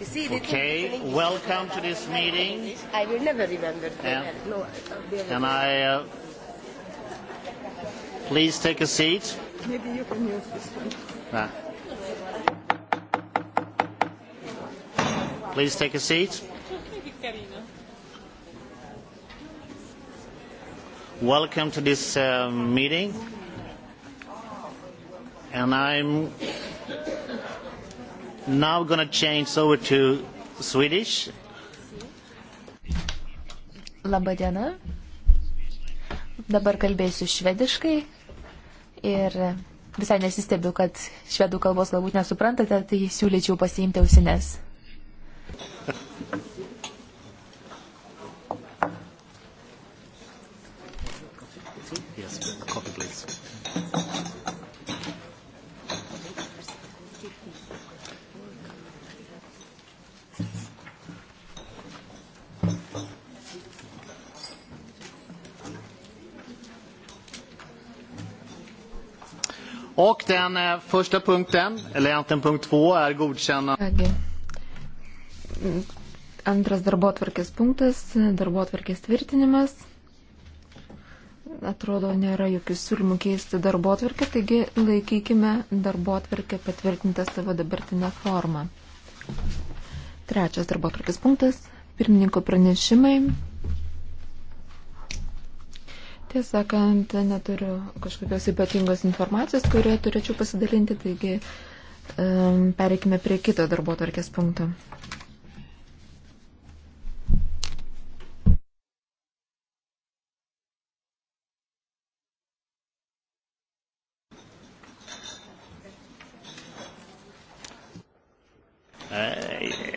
You see, okay, welcome to this meeting. I will never remember. Yeah. No, Can I uh, please take a seat? Maybe you can use this one. Ah. Please take a seat. Welcome to this uh, meeting. And I'm now going to change over to Swedish. Labą dieną. Dabar kalbėsiu švediškai ir visai nesistebiu, kad švedų kalbos galbūt nesuprantate, tai siūlyčiau pasiimti ausinės. den eh, första punkten, eller egentligen punkt 2, är godkännande. Antras darbo atvarkės punktas, darbo atvarkės tvirtinimas. Atrodo, nėra jokių siūlymų keisti darbo atvarkę, taigi laikykime darbo atvarkę patvirtintą savo dabartinę formą. Trečias darbo atvarkės punktas, pirmininko pranešimai. Tiesą sakant, neturiu kažkokios ypatingos informacijos, kurią turėčiau pasidalinti, taigi um, pereikime prie kito darbo tvarkės punkto.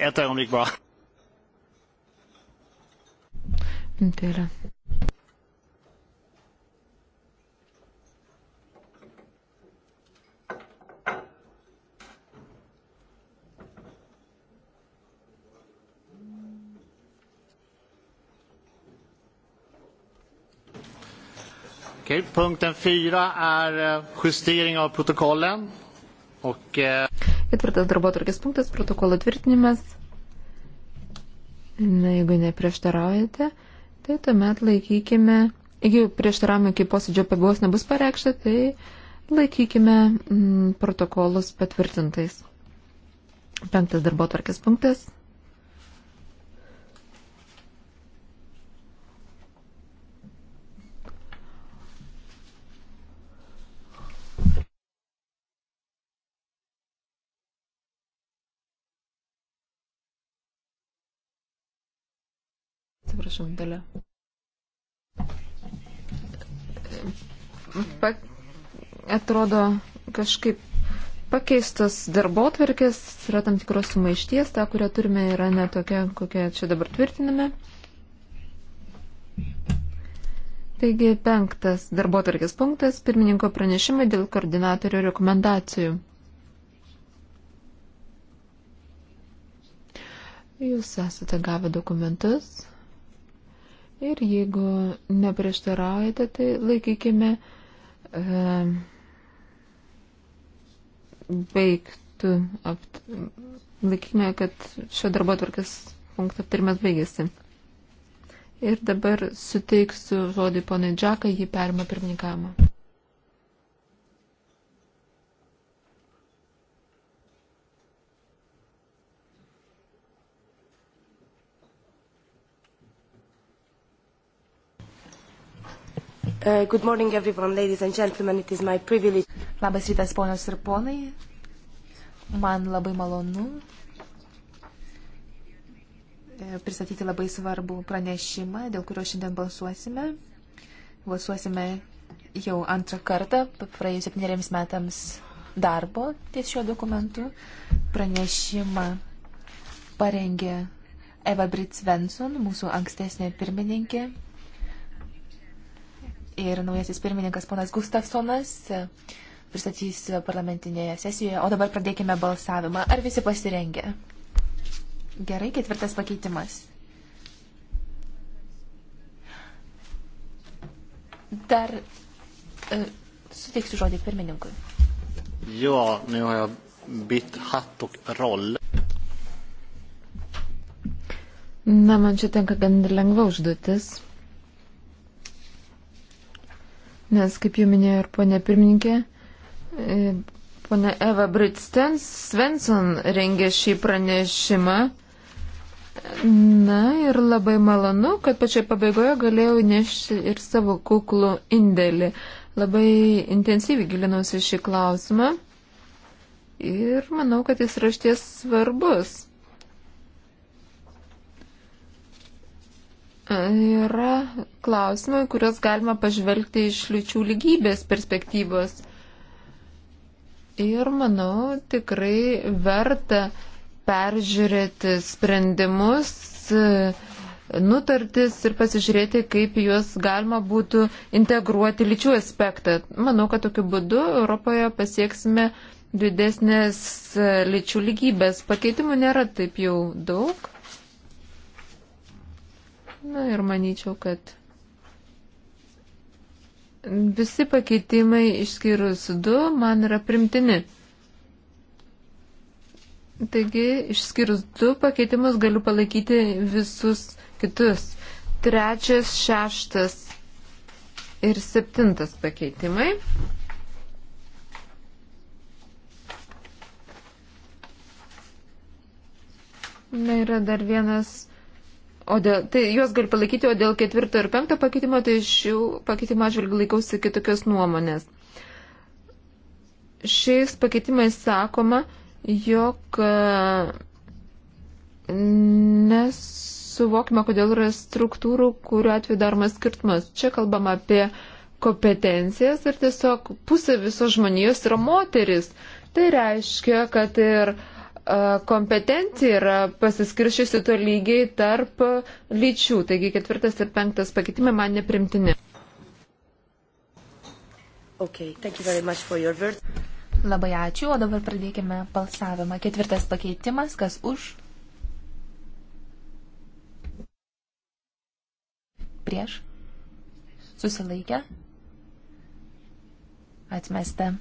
Ett eh, ögonblick bara. Inte heller. Okej, okay. punkten fyra är eh, justering av protokollen. Och, eh... Ketvirtas darbotvarkės punktas - protokolo tvirtinimas. Na, jeigu neprieštaraujate, tai tuomet laikykime, jeigu prieštaravimai iki posėdžio pabaigos nebus pareikšta, tai laikykime m, mm, protokolus patvirtintais. Penktas darbotvarkės punktas - prašom, dalė. Pa, atrodo kažkaip pakeistos darbo tvarkės, yra tam tikros sumaišties, ta, kurią turime, yra netokia, kokią čia dabar tvirtiname. Taigi penktas darbo tvarkės punktas - pirmininko pranešimai dėl koordinatorių rekomendacijų. Jūs esate gavę dokumentus. Ir jeigu neprieštaraujate, tai laikykime e, baigtų, apt, laikykime, kad šio darbo tvarkės punkto aptarimas baigėsi. Ir dabar suteiksiu žodį ponai Džakai, jį perima pirmininkavimą. Uh, good morning everyone, ladies and gentlemen, it is my privilege. Labas rytas, ponios ir ponai. Man labai malonu e, pristatyti labai svarbų pranešimą, dėl kurio šiandien balsuosime. Balsuosime jau antrą kartą, praėjus septyneriems metams darbo ties šiuo dokumentu. Pranešimą parengė Eva Britsvenson, mūsų ankstesnė pirmininkė, ir naujasis pirmininkas ponas Gustafsonas e, pristatys parlamentinėje sesijoje. O dabar pradėkime balsavimą. Ar visi pasirengę? Gerai, ketvirtas pakeitimas. Dar e, suteiksiu žodį pirmininkui. Jo, nu har jag bytt hatt och roll. Na, man čia tenka gan lengva užduotis nes, kaip jau minėjo ir ponė pirmininkė, e, ponė Eva Britstens Svensson rengė šį pranešimą. Na ir labai malonu, kad pačioje pabaigoje galėjau nešti ir savo kuklų indėlį. Labai intensyviai gilinausi šį klausimą ir manau, kad jis rašties svarbus. Yra klausimai, kuriuos galima pažvelgti iš lyčių lygybės perspektyvos. Ir manau, tikrai verta peržiūrėti sprendimus, nutartis ir pasižiūrėti, kaip juos galima būtų integruoti lyčių aspektą. Manau, kad tokiu būdu Europoje pasieksime didesnės lyčių lygybės. Pakeitimų nėra taip jau daug. Na ir manyčiau, kad visi pakeitimai išskyrus du man yra primtini. Taigi, išskyrus du pakeitimus galiu palaikyti visus kitus. Trečias, šeštas ir septintas pakeitimai. Na yra dar vienas O dėl, tai juos gali palaikyti, o dėl ketvirto ir penkto pakeitimo, tai šių pakeitimo atžvilgių laikausi kitokios nuomonės. Šiais pakeitimais sakoma, jog e, nesuvokime, kodėl yra struktūrų, kuriuo atveju daromas skirtumas. Čia kalbam apie kompetencijas ir tiesiog pusė visos žmonijos yra moteris. Tai reiškia, kad ir uh, kompetencija yra pasiskiršiusi to lygiai tarp lyčių. Taigi ketvirtas ir penktas pakeitimai man neprimtini. Okay, your... Labai ačiū, o dabar pradėkime balsavimą. Ketvirtas pakeitimas, kas už? Prieš? Susilaikę? Atmesta.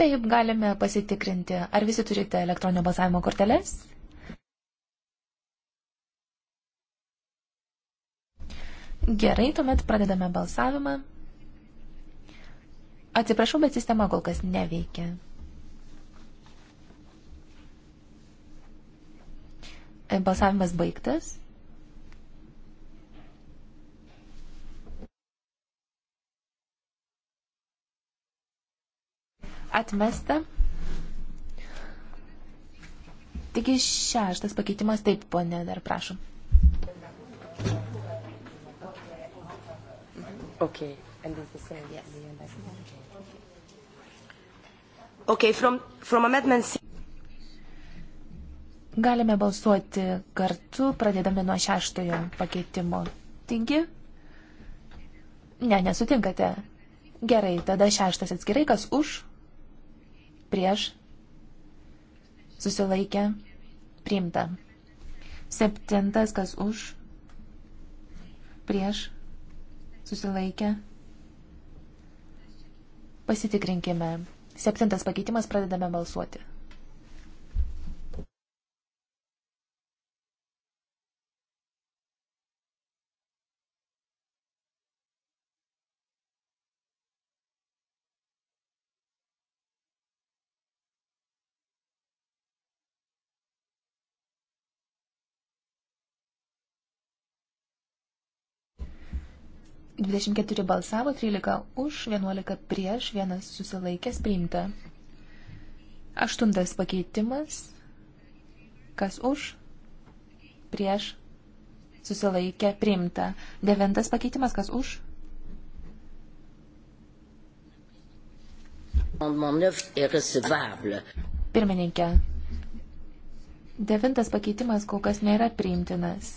Taip, galime pasitikrinti. Ar visi turite elektroninio balsavimo korteles? Gerai, tuomet pradedame balsavimą. Atsiprašau, bet sistema kol kas neveikia. Balsavimas baigtas. Atmesta. Taigi šeštas pakeitimas, taip, ponė, dar prašom. Okay, and it's the same, yes. Okay, from, from amendment C. Galime balsuoti kartu, pradėdami nuo šeštojo pakeitimo. Taigi, ne, nesutinkate. Gerai, tada šeštas atskirai, kas už, prieš, susilaikė, priimta. Septintas, kas už, prieš, susilaikė. Pasitikrinkime. Septintas pakeitimas, pradedame balsuoti. 24 balsavo, 13 už, 11 prieš, 1 susilaikęs priimta. Aštuntas pakeitimas. Kas už? Prieš. Susilaikė priimta. Devintas pakeitimas. Kas už? Pirmininkė. Devintas pakeitimas kol kas nėra priimtinas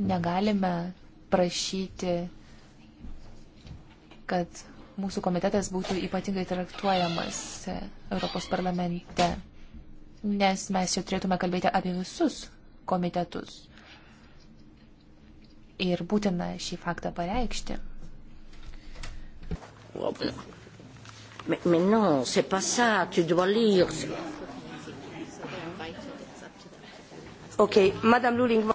negalime prašyti, kad mūsų komitetas būtų ypatingai traktuojamas Europos parlamente, nes mes čia turėtume kalbėti apie visus komitetus. Ir būtina šį faktą pareikšti. Mais, mais non, c'est pas ça, tu dois lire. Ok, Madame Luling.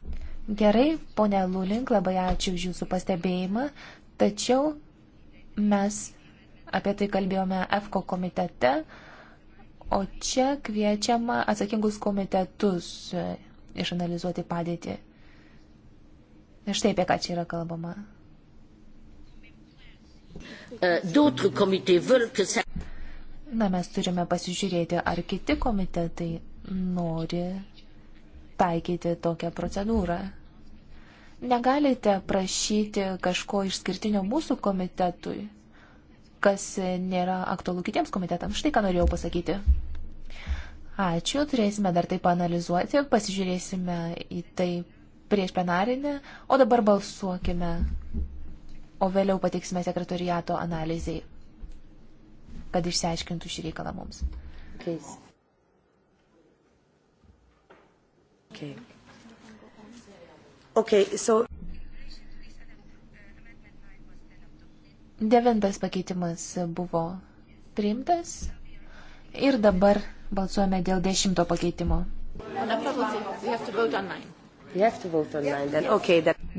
Gerai, ponia Lulink, labai ačiū už jūsų pastebėjimą, tačiau mes apie tai kalbėjome EFKO komitete, o čia kviečiama atsakingus komitetus e, išanalizuoti padėtį. Ir štai apie ką čia yra kalbama. E, Na, mes turime pasižiūrėti, ar kiti komitetai nori taikyti tokią procedūrą negalite prašyti kažko išskirtinio mūsų komitetui, kas nėra aktualu kitiems komitetams. Štai ką norėjau pasakyti. Ačiū, turėsime dar tai panalizuoti, pasižiūrėsime į tai prieš plenarinę, o dabar balsuokime, o vėliau pateiksime sekretoriato analizai, kad išsiaiškintų šį reikalą mums. Okay. Okay. Okay, so... Devintas pakeitimas buvo priimtas ir dabar balsuojame dėl dešimto pakeitimo.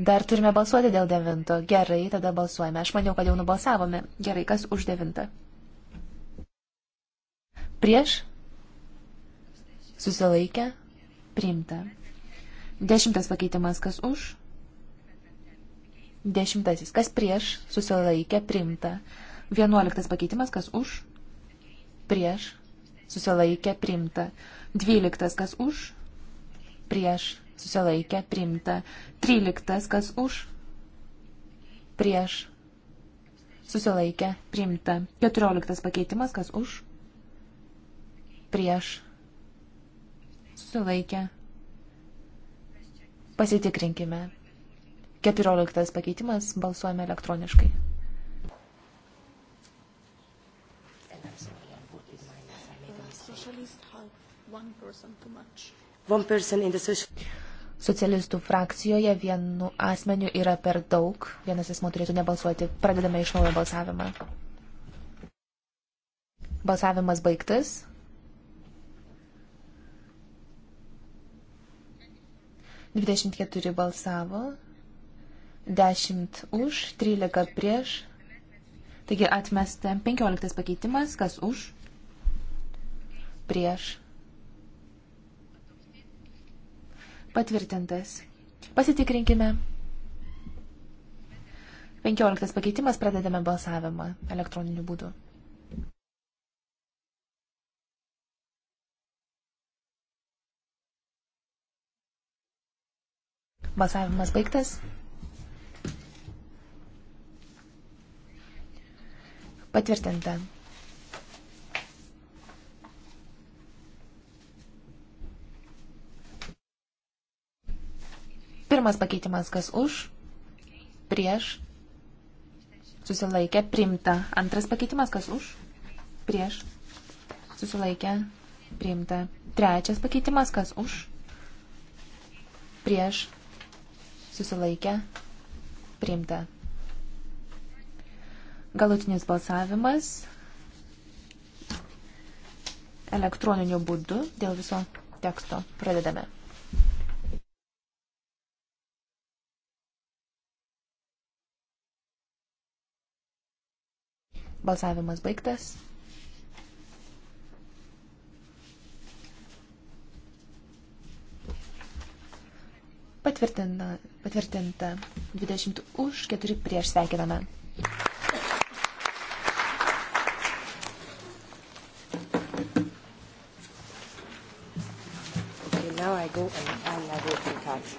Dar turime balsuoti dėl devinto. Gerai, tada balsuojame. Aš maniau, kad jau nubalsavome. Gerai, kas už devintą? Prieš? Susilaikę? Priimta. Dešimtas pakeitimas, kas už? Dešimtasis, kas prieš, susilaikė, primta. Vienuoliktas pakeitimas, kas už? Prieš, susilaikė, primta. Dvyliktas, kas už? Prieš, susilaikė, primta. Tryliktas, kas už? Prieš, susilaikė, primta. Keturioliktas pakeitimas, kas už? Prieš, susilaikė, primta Pasitikrinkime. 14 pakeitimas balsuojame elektroniškai. Socialistų frakcijoje vienu asmeniu yra per daug. Vienas asmo turėtų nebalsuoti. Pradedame iš naujo balsavimą. Balsavimas baigtas. 24 balsavo, 10 už, 13 prieš. Taigi atmesta 15 pakeitimas, kas už, prieš. Patvirtintas. Pasitikrinkime. 15 pakeitimas pradedame balsavimą elektroniniu būdu. Balsavimas baigtas. Patvirtinta. Pirmas pakeitimas, kas už, prieš, susilaikė, priimta. Antras pakeitimas, kas už, prieš, susilaikė, priimta. Trečias pakeitimas, kas už, prieš, susilaikę, priimta. Galutinis balsavimas elektroniniu būdu dėl viso teksto. Pradedame. Balsavimas baigtas. Patvirtinta, patvirtinta 20 už, 4 prieš sveikiname. Okay, now I go and I have voting cards.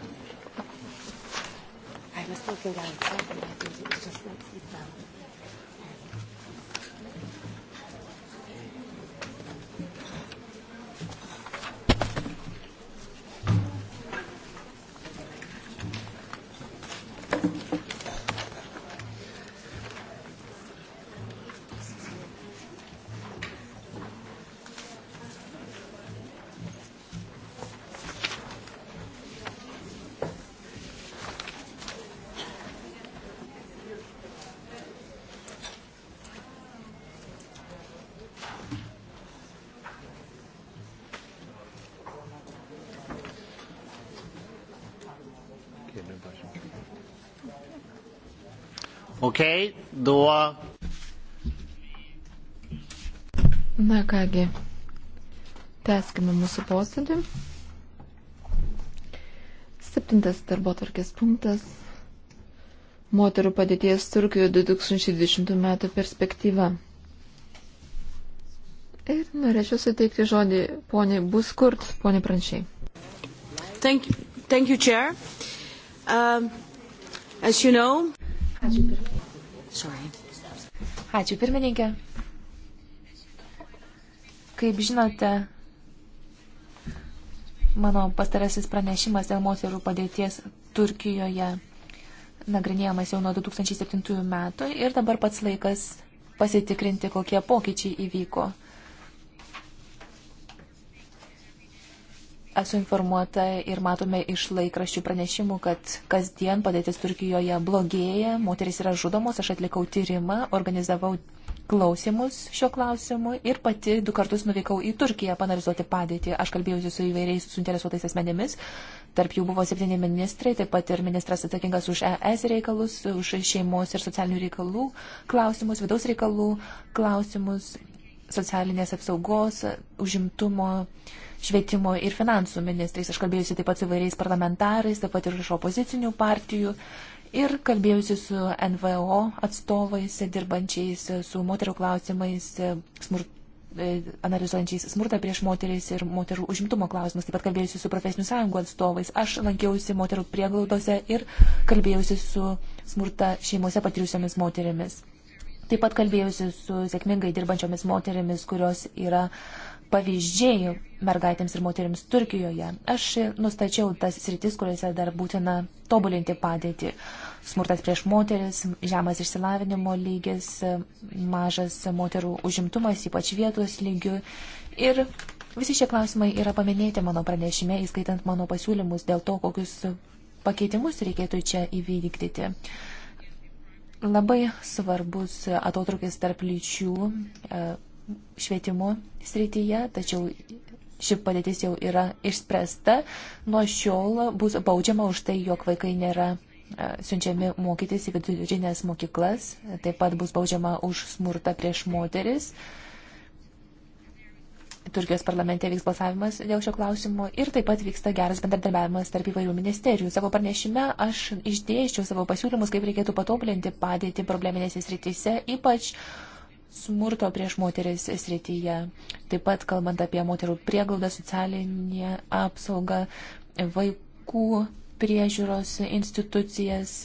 I was thinking I'm Okej, okay, då... Na kągi, tęskime mūsų posėdį. Septintas darbo tvarkės punktas. Moterų padėties Turkijoje 2020 m. perspektyva. Ir norėčiau suteikti žodį poniai Buskurt, poniai Prančiai. Thank you, thank you, Chair. Um, as you know, Ačiū pirmininkė. Kaip žinote, mano pastarasis pranešimas dėl moterų padėties Turkijoje nagrinėjamas jau nuo 2007 metų ir dabar pats laikas pasitikrinti, kokie pokyčiai įvyko Esu informuota ir matome iš laikraščių pranešimų, kad kasdien padėtis Turkijoje blogėja, moteris yra žudomos, aš atlikau tyrimą, organizavau klausimus šiuo klausimu ir pati du kartus nuvykau į Turkiją panalizuoti padėtį. Aš kalbėjausi su įvairiais suinteresuotais asmenimis, tarp jų buvo septyni ministrai, taip pat ir ministras atsakingas už ES reikalus, už šeimos ir socialinių reikalų klausimus, vidaus reikalų klausimus, socialinės apsaugos, užimtumo, švietimo ir finansų ministrais. Aš kalbėjusi taip pat su įvairiais parlamentarais, taip pat ir iš opozicinių partijų. Ir kalbėjusi su NVO atstovais, dirbančiais su moterų klausimais, smur, e, analizuojančiais smurtą prieš moteris ir moterų užimtumo klausimus. Taip pat kalbėjusi su profesinių sąjungų atstovais. Aš lankiausi moterų prieglaudose ir kalbėjusi su smurta šeimose patyrusiomis moterimis taip pat kalbėjusi su sėkmingai dirbančiomis moterimis, kurios yra pavyzdžiai mergaitėms ir moteriams Turkijoje. Aš nustačiau tas sritis, kuriuose dar būtina tobulinti padėtį. Smurtas prieš moteris, žemas išsilavinimo lygis, mažas moterų užimtumas, ypač vietos lygių. Ir visi šie klausimai yra paminėti mano pranešime, įskaitant mano pasiūlymus dėl to, kokius pakeitimus reikėtų čia įvykdyti. Labai svarbus atotrukis tarp lyčių e, švietimo srityje, tačiau ši padėtis jau yra išspręsta. Nuo šiol bus baudžiama už tai, jog vaikai nėra e, siunčiami mokytis į vidurinės mokyklas, taip pat bus baudžiama už smurtą prieš moteris. Uh, Turkijos parlamente vyks balsavimas dėl šio klausimo ir taip pat vyksta geras bendradarbiavimas tarp įvairių ministerijų. Savo pranešime aš išdėščiau savo pasiūlymus, kaip reikėtų patobulinti padėtį probleminėse srityse, ypač smurto prieš moteris srityje. Taip pat kalbant apie moterų prieglaudą, socialinę apsaugą, vaikų priežiūros institucijas,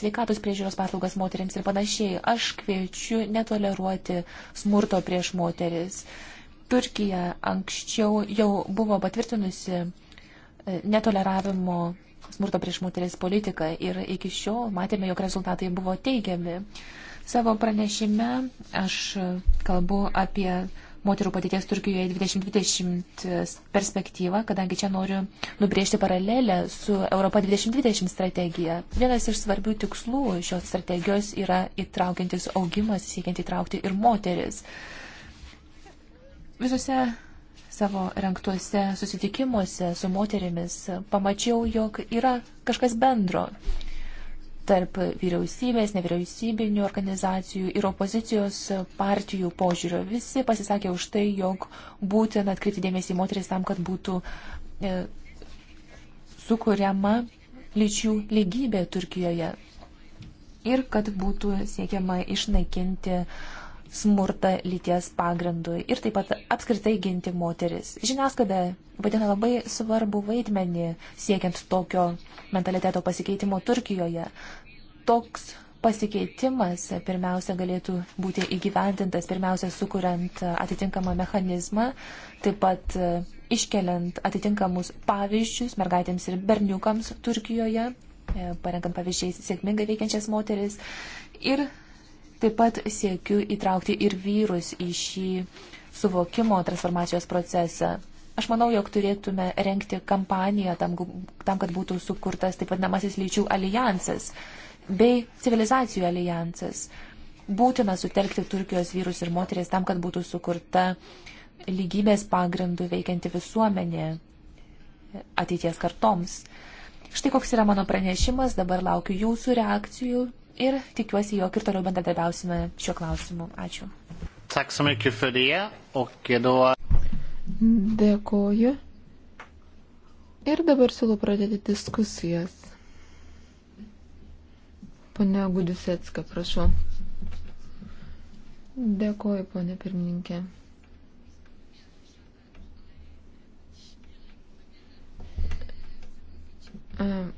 sveikatos priežiūros paslaugas moteriams ir panašiai. Aš kviečiu netoleruoti smurto prieš moteris. Uh, Turkija anksčiau jau buvo patvirtinusi e, netoleravimo smurto prieš moteris politiką ir iki šiol matėme, jog rezultatai buvo teigiami. Savo pranešime aš kalbu apie moterų padėties Turkijoje 2020 perspektyvą, kadangi čia noriu nubriežti paralelę su Europa 2020 strategija. Vienas iš svarbių tikslų šios strategijos yra įtraukiantis augimas, siekiant įtraukti ir moteris. Uh, Visose savo renktuose susitikimuose su moterimis pamačiau, jog yra kažkas bendro tarp vyriausybės, nevyriausybinių organizacijų ir opozicijos partijų požiūrio. Visi pasisakė už tai, jog būtina atkreipti dėmesį į moteris tam, kad būtų e, sukuriama lyčių lygybė Turkijoje ir kad būtų siekiama išnaikinti e, smurtą lyties pagrindui ir taip pat apskritai ginti moteris. Žiniasklaida vadina labai svarbu vaidmenį siekiant tokio mentaliteto pasikeitimo Turkijoje. Toks pasikeitimas pirmiausia galėtų būti įgyvendintas, pirmiausia sukuriant atitinkamą mechanizmą, taip pat e, iškeliant atitinkamus pavyzdžius mergaitėms ir berniukams Turkijoje, e, parengant pavyzdžiais sėkmingai veikiančias moteris ir Taip pat siekiu įtraukti ir vyrus į šį suvokimo transformacijos procesą. Aš manau, jog turėtume renkti kampaniją tam, tam kad būtų sukurtas taip vadinamasis lyčių alijansas bei civilizacijų alijansas. Būtina sutelkti Turkijos vyrus ir moteris tam, kad būtų sukurta lygybės pagrindų veikianti visuomenė ateities kartoms. Štai koks yra mano pranešimas, dabar laukiu jūsų reakcijų ir tikiuosi, jog ir toliau bendradarbiausime šiuo klausimu. Ačiū. Dėkoju. Ir dabar siūlau pradėti diskusijas. Pane Gudusetska, prašau. Dėkoju, ponė pirmininkė. Um.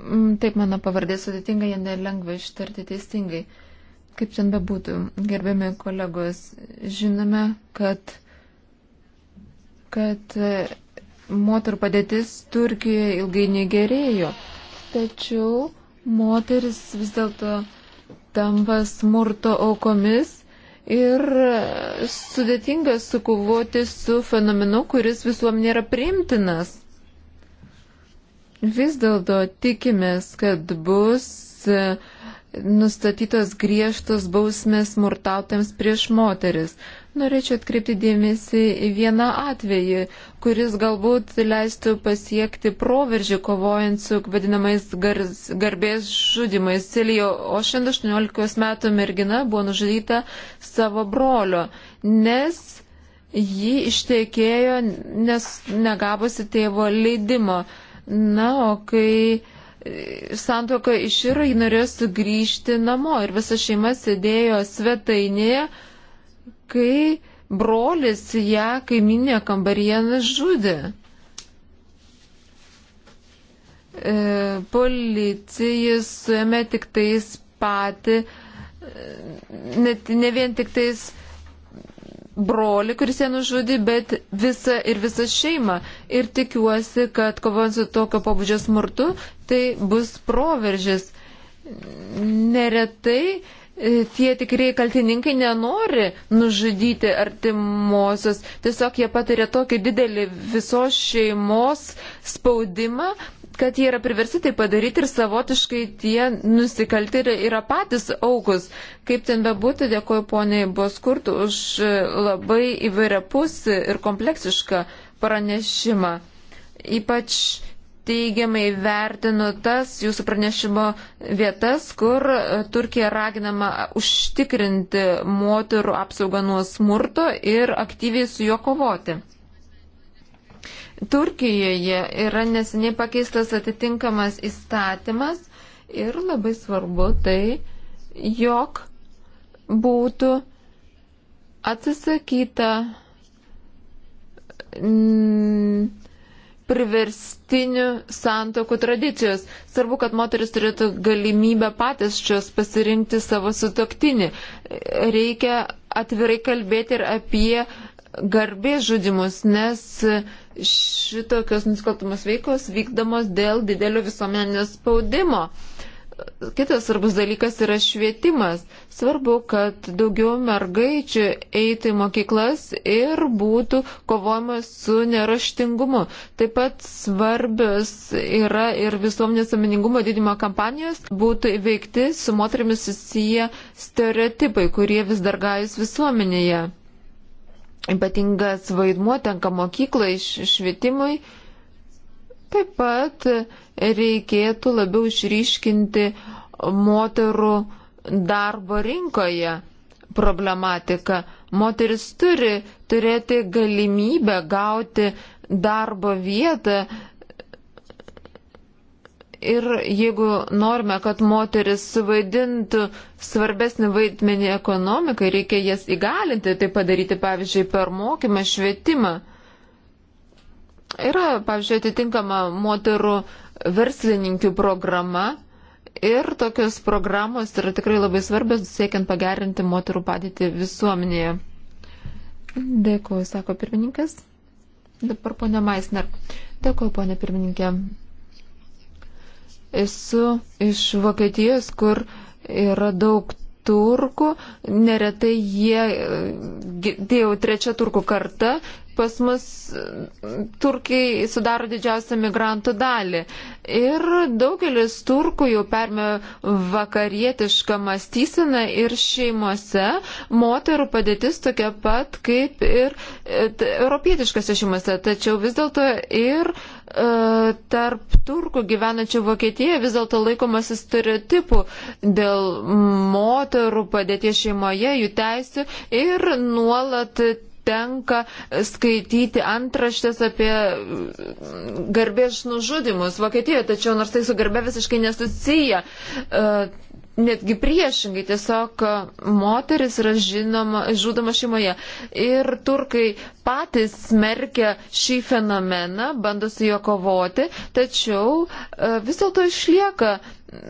Mm, taip, mano pavardė sudėtinga, jie nelengva ištarti teisingai. Kaip ten bebūtų, gerbiami kolegos, žinome, kad, kad e, moterų padėtis Turkijoje ilgai negerėjo, tačiau moteris vis dėlto tampa smurto aukomis ir e, sudėtinga sukovoti su fenomenu, kuris visuomenė yra priimtinas. Vis dėlto tikimės, kad bus e, nustatytos griežtos bausmės smurtautėms prieš moteris. Norėčiau atkreipti dėmesį į vieną atvejį, kuris galbūt leistų pasiekti proveržį kovojant su vadinamais gar, garbės žudimais. Celijo Ošen 18 metų mergina buvo nužudyta savo brolio, nes ji ištekėjo, nes negavusi tėvo leidimo. Na, o kai e, santoka iširo, ji norėjo sugrįžti namo ir visa šeima sėdėjo svetainėje, kai brolis ją kaiminė kambaryje žudė. E, policija suėmė tik tais patį, e, net ne vien tik tais broli, kuris ją nužudė, bet visą ir visą šeimą. Ir tikiuosi, kad kovant su tokio pabudžio smurtu, tai bus proveržis. Neretai e, tie tikrieji kaltininkai nenori nužudyti artimuosius, tiesiog jie patiria tokį didelį visos šeimos spaudimą, kad jie yra priversti tai padaryti ir savotiškai tie nusikalti yra patys aukus. Kaip ten bebūtų, dėkoju poniai Boskurt už e, labai įvairiapusį ir kompleksišką pranešimą. Ypač teigiamai vertinu tas jūsų pranešimo vietas, kur e, Turkija raginama užtikrinti moterų apsaugą nuo smurto ir aktyviai su juo kovoti. Turkijoje yra neseniai pakeistas atitinkamas įstatymas ir labai svarbu tai, jog būtų atsisakyta mm, priverstinių santokų tradicijos. Svarbu, kad moteris turėtų galimybę patys šios pasirinkti savo sutoktinį. Reikia atvirai kalbėti ir apie garbės žudimus, nes šitokios nusikaltamos veikos vykdomos dėl didelio visuomenės spaudimo. Kitas svarbus dalykas yra švietimas. Svarbu, kad daugiau mergaičių eitų į mokyklas ir būtų kovojama su neraštingumu. Taip pat svarbios yra ir visuomenės samoningumo didimo kampanijos, būtų įveikti su moterimis susiję stereotipai, kurie vis dar gajus visuomenėje ypatingas vaidmuo tenka mokyklai švietimui. Taip pat reikėtų labiau išryškinti moterų darbo rinkoje problematiką. Moteris turi turėti galimybę gauti darbo vietą, Ir jeigu norime, kad moteris suvaidintų svarbesnį vaidmenį ekonomikai, reikia jas įgalinti, tai padaryti, pavyzdžiui, per mokymą, švietimą. Yra, pavyzdžiui, atitinkama moterų verslininkių programa ir tokios programos yra tikrai labai svarbios, siekiant pagerinti moterų padėtį visuomenėje. Dėkuoju, sako pirmininkas. Dabar ponia Maisner. Dėkuoju, ponia pirmininkė. Esu iš Vokietijos, kur yra daug turkų, neretai jie, tai jau trečia turkų karta, pas mus turkiai sudaro didžiausią migrantų dalį. Ir daugelis turkų jau permė vakarietišką mąstyseną ir šeimose moterų padėtis tokia pat kaip ir e, europietiškose šeimose. Tačiau vis dėlto ir uh, E, tarp turkų gyvenančių Vokietijoje vis dėlto laikomasi stereotipų dėl moterų padėties šeimoje, jų teisų ir nuolat tenka skaityti antraštės apie garbės nužudimus Vokietijoje, tačiau nors tai su garbe visiškai nesusiję. Uh, netgi priešingai, tiesiog moteris yra žinoma, žudoma šeimoje. Ir turkai patys smerkia šį fenomeną, bando su juo kovoti, tačiau e, vis dėlto išlieka.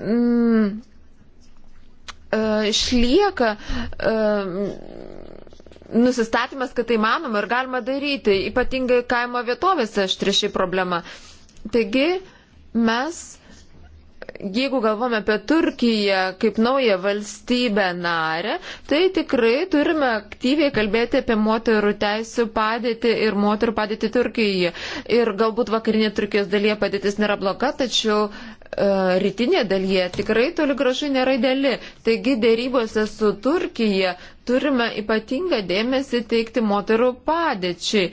Mm, e, Išlieka e, nusistatymas, kad tai manoma ir galima daryti, ypatingai kaimo vietovėse aštri ši problema. Taigi mes jeigu galvome apie Turkiją kaip naują valstybę narę, tai tikrai turime aktyviai kalbėti apie moterų teisų padėtį ir moterų padėtį Turkijoje. Ir galbūt vakarinė Turkijos dalyje padėtis nėra bloga, tačiau E, rytinė dalyje tikrai toli gražu nėra ideali. Taigi dėrybose su Turkija turime ypatingą dėmesį teikti moterų padėčiai.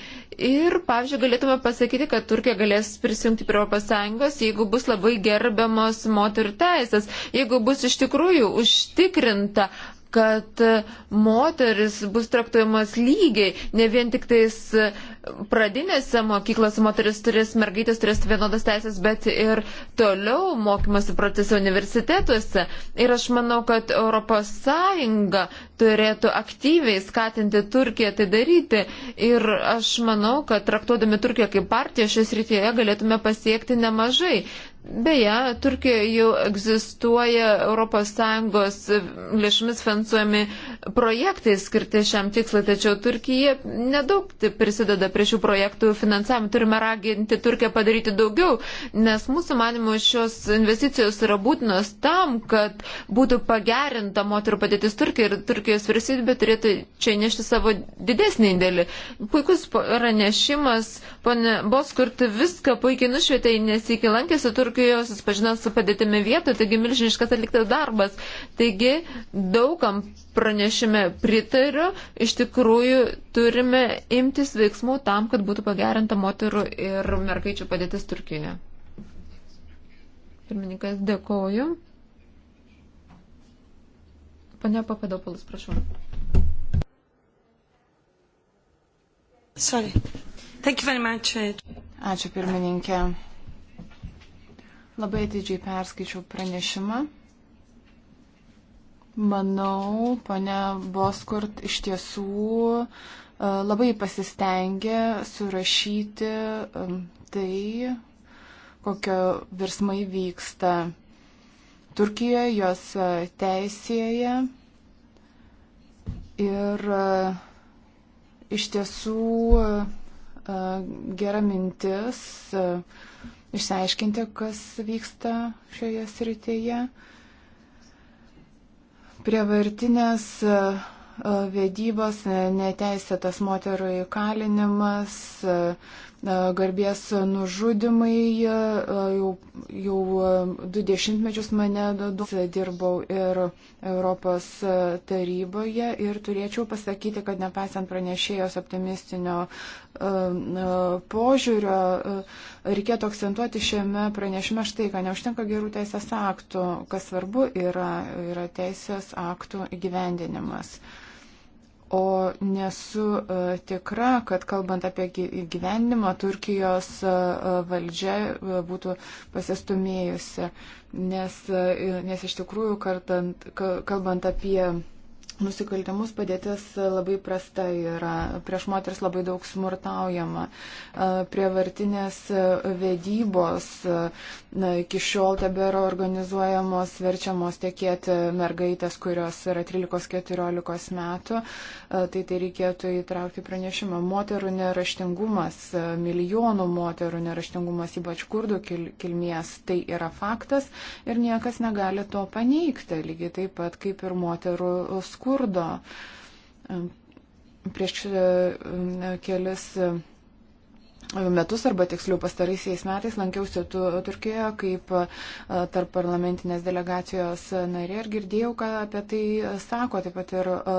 Ir, pavyzdžiui, galėtume pasakyti, kad Turkija galės prisijungti prie ES, jeigu bus labai gerbiamos moterų teisės, jeigu bus iš tikrųjų užtikrinta kad moteris bus traktuojamas lygiai, ne vien tik tais pradinėse mokyklose moteris turės, mergaitės turės vienodas teisės, bet ir toliau mokymosi procese universitetuose. Ir aš manau, kad ES turėtų aktyviai skatinti Turkiją tai daryti. Ir aš manau, kad traktuodami Turkiją kaip partiją šioje srityje galėtume pasiekti nemažai. Beje, Turkijoje jau egzistuoja ES lėšomis finansuojami projektai skirti šiam tikslui, tačiau Turkija nedaug prisideda prie šių projektų finansavimą. Turime raginti Turkiją padaryti daugiau, nes mūsų manimo šios investicijos yra būtinos tam, kad būtų pagerinta moterų padėtis Turkijoje ir Turkijos vyriausybė turėtų čia nešti savo didesnį indėlį. Puikus pranešimas, ponė Boskurti viską puikiai nušvietė, nes iki lankėsi Turkijoje Turkijoje susipažino su padėtimi vietoje, taigi milžiniškas atliktas darbas. Taigi daugam pranešime pritariu, iš tikrųjų turime imtis veiksmų tam, kad būtų pagerinta moterų ir mergaičių padėtis Turkijoje. Pirmininkas, dėkoju. Pane Papadopolis, prašau. Sorry. Thank you very much. Ačiū pirmininkė. Labai atidžiai perskaičiau pranešimą. Manau, pane Boskurt iš tiesų e, labai pasistengė surašyti tai, kokio virsmai vyksta Turkijoje, jos e, teisėje. Ir e, iš tiesų gera mintis išsiaiškinti, kas vyksta šioje srityje. Prievartinės e, vedybos, neteisėtas moterų įkalinimas, garbės nužudimai e, jau, jau e, du dešimtmečius mane du, dirbau ir Europos e, taryboje ir turėčiau pasakyti, kad nepaisant pranešėjos optimistinio požiūrio, reikėtų akcentuoti šiame pranešime štai, kad neužtenka gerų teisės aktų, kas svarbu yra, yra teisės aktų įgyvendinimas o nesu e, tikra, kad kalbant apie gyvenimą, Turkijos e, e, valdžia būtų pasistumėjusi, nes, nes iš tikrųjų, kalbant apie nusikaltimus padėtis labai prasta yra, prieš moteris labai daug smurtaujama, prievartinės vedybos na, iki šiol tebėra organizuojamos, verčiamos tiekėti mergaitės, kurios yra 13-14 metų, tai tai reikėtų įtraukti pranešimą. Moterų neraštingumas, milijonų moterų neraštingumas, ypač kurdų kilmies, tai yra faktas ir niekas negali to paneigti, lygiai taip pat kaip ir moterų skurdas skurdo. Prieš e, kelias metus arba tiksliau pastaraisiais metais lankiausi tu, Turkijoje kaip e, tarp parlamentinės delegacijos narė ir girdėjau, ką apie tai sako taip pat ir e,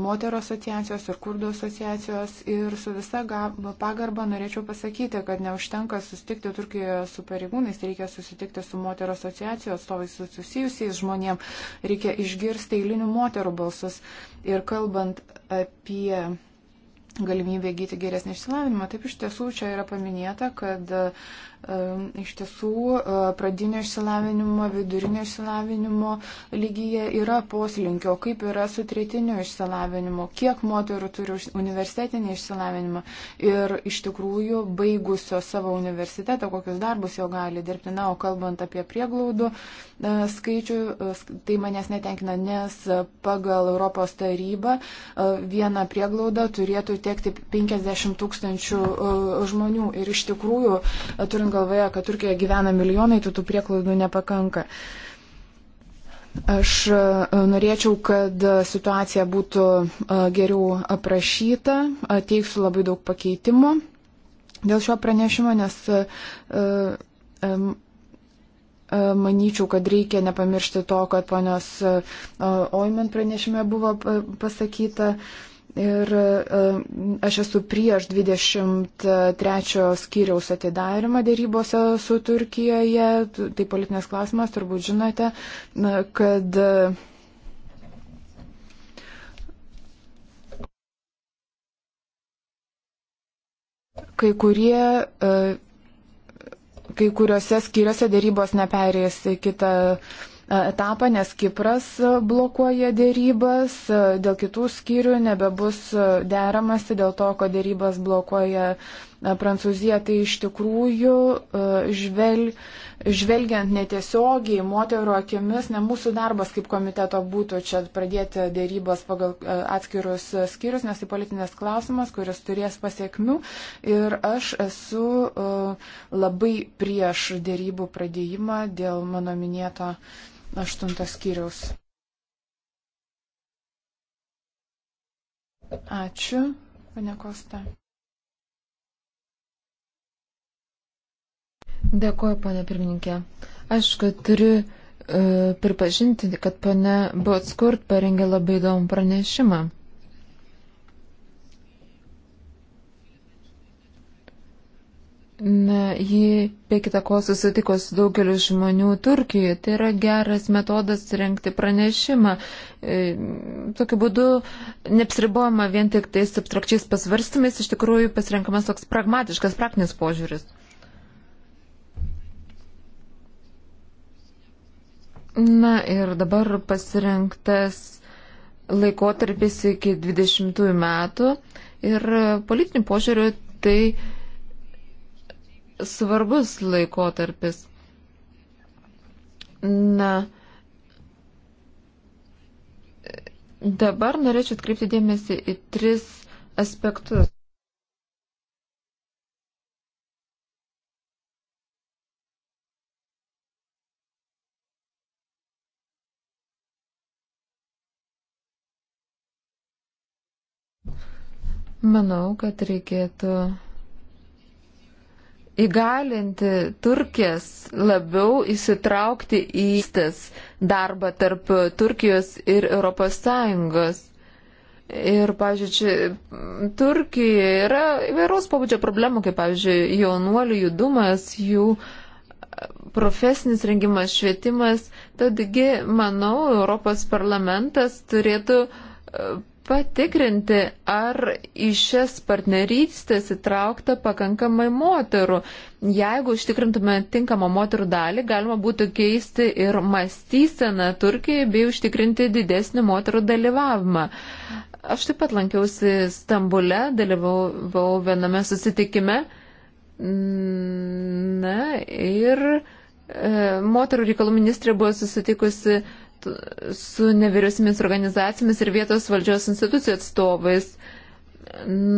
moterų asociacijos ir kurdų asociacijos ir su visa pagarba norėčiau pasakyti, kad neužtenka susitikti Turkijoje su pareigūnais, reikia susitikti su moterų asociacijos atstovais su susijusiais žmonėm, reikia išgirsti eilinių moterų balsus ir kalbant apie galimybę gyti geresnį išsilavinimą. Taip iš tiesų čia yra paminėta, kad Iš tiesų, e, pradinio išsilavinimo, vidurinio išsilavinimo lygyje yra poslinkio, kaip yra su tretiniu išsilavinimu, kiek moterų turi universitetinį išsilavinimą ir iš tikrųjų baigusio savo universitetą, kokius darbus jau gali dirbti. Na, o kalbant apie prieglaudų e, skaičių, e, tai manęs netenkina, nes pagal Europos tarybą vieną prieglaudą turėtų tekti 50 tūkstančių žmonių ir iš tikrųjų turint galvoje, kad Turkijoje gyvena milijonai, tai tų prieklaidų nepakanka. Aš e, norėčiau, kad situacija būtų e, geriau aprašyta, e, teiksiu labai daug pakeitimų dėl šio pranešimo, nes manyčiau, kad reikia nepamiršti to, kad ponios Oimen pranešime buvo pasakyta. Uh, Ir e, aš esu prieš 23 skyriaus atidarimą dėrybose su Turkijoje, tai politinės klausimas, turbūt žinote, kad kai kurie, e, kai kuriuose skyriuose dėrybos neperės į kitą E, etapą, nes Kipras e, blokuoja dėrybas, e, dėl kitų skyrių nebebus deramasi, dėl to, ko dėrybas blokuoja Prancūzija, tai iš tikrųjų žvel, žvelgiant netiesiogiai moterų akimis, ne mūsų darbas kaip komiteto būtų čia pradėti dėrybas pagal atskirus skyrius, nes tai politinės klausimas, kuris turės pasiekmių. Ir aš esu labai prieš dėrybų pradėjimą dėl mano minėto uh, aštuntas skyriaus. Ačiū, pane Kosta. Dėkuoju, pane pirmininkė. Aišku, turiu e, pripažinti, kad pane Botskurt parengė labai įdomų pranešimą. Na, ji, be kita ko, susitiko su daugeliu žmonių Turkijoje. Tai yra geras metodas renkti pranešimą. E, tokiu būdu neapsiribojama vien tik tais abstrakčiais pasvarstymais, iš tikrųjų pasirenkamas toks pragmatiškas, praktinis požiūris. Na ir dabar pasirinktas laikotarpis iki 20 metų ir politinių požiūrių tai svarbus laikotarpis. Na, dabar norėčiau atkreipti dėmesį į tris aspektus. Manau, kad reikėtų įgalinti Turkijas labiau įsitraukti į stis darbą tarp Turkijos ir ES. Ir, pavyzdžiui, Turkijoje yra įvairaus pobūdžio problemų, kaip, pavyzdžiui, jaunuolių judumas, jų e, profesinis rengimas, švietimas. Tadgi, manau, Europos parlamentas turėtų e, patikrinti, ar į šias partnerystės įtraukta pakankamai moterų. Jeigu užtikrintume tinkamą moterų dalį, galima būtų keisti ir mąstyseną Turkijai bei užtikrinti didesnį moterų dalyvavimą. Aš taip pat lankiausi Stambule, dalyvau viename susitikime. Na ir e, moterų reikalų ministrė buvo susitikusi su nevyriausimis organizacijomis ir vietos valdžios institucijų atstovais.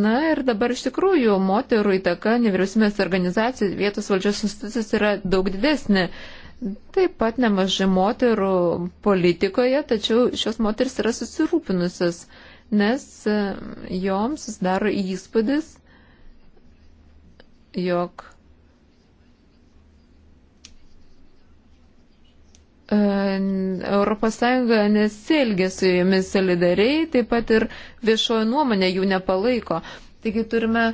Na ir dabar iš tikrųjų moterų įtaka nevyriausybės organizacijų vietos valdžios institucijos yra daug didesnė. Taip pat nemažai moterų politikoje, tačiau šios moteris yra susirūpinusios, nes e, joms susidaro įspūdis, jog ES nesielgia su jomis solidariai, taip pat ir viešoji nuomonė jų nepalaiko. Taigi turime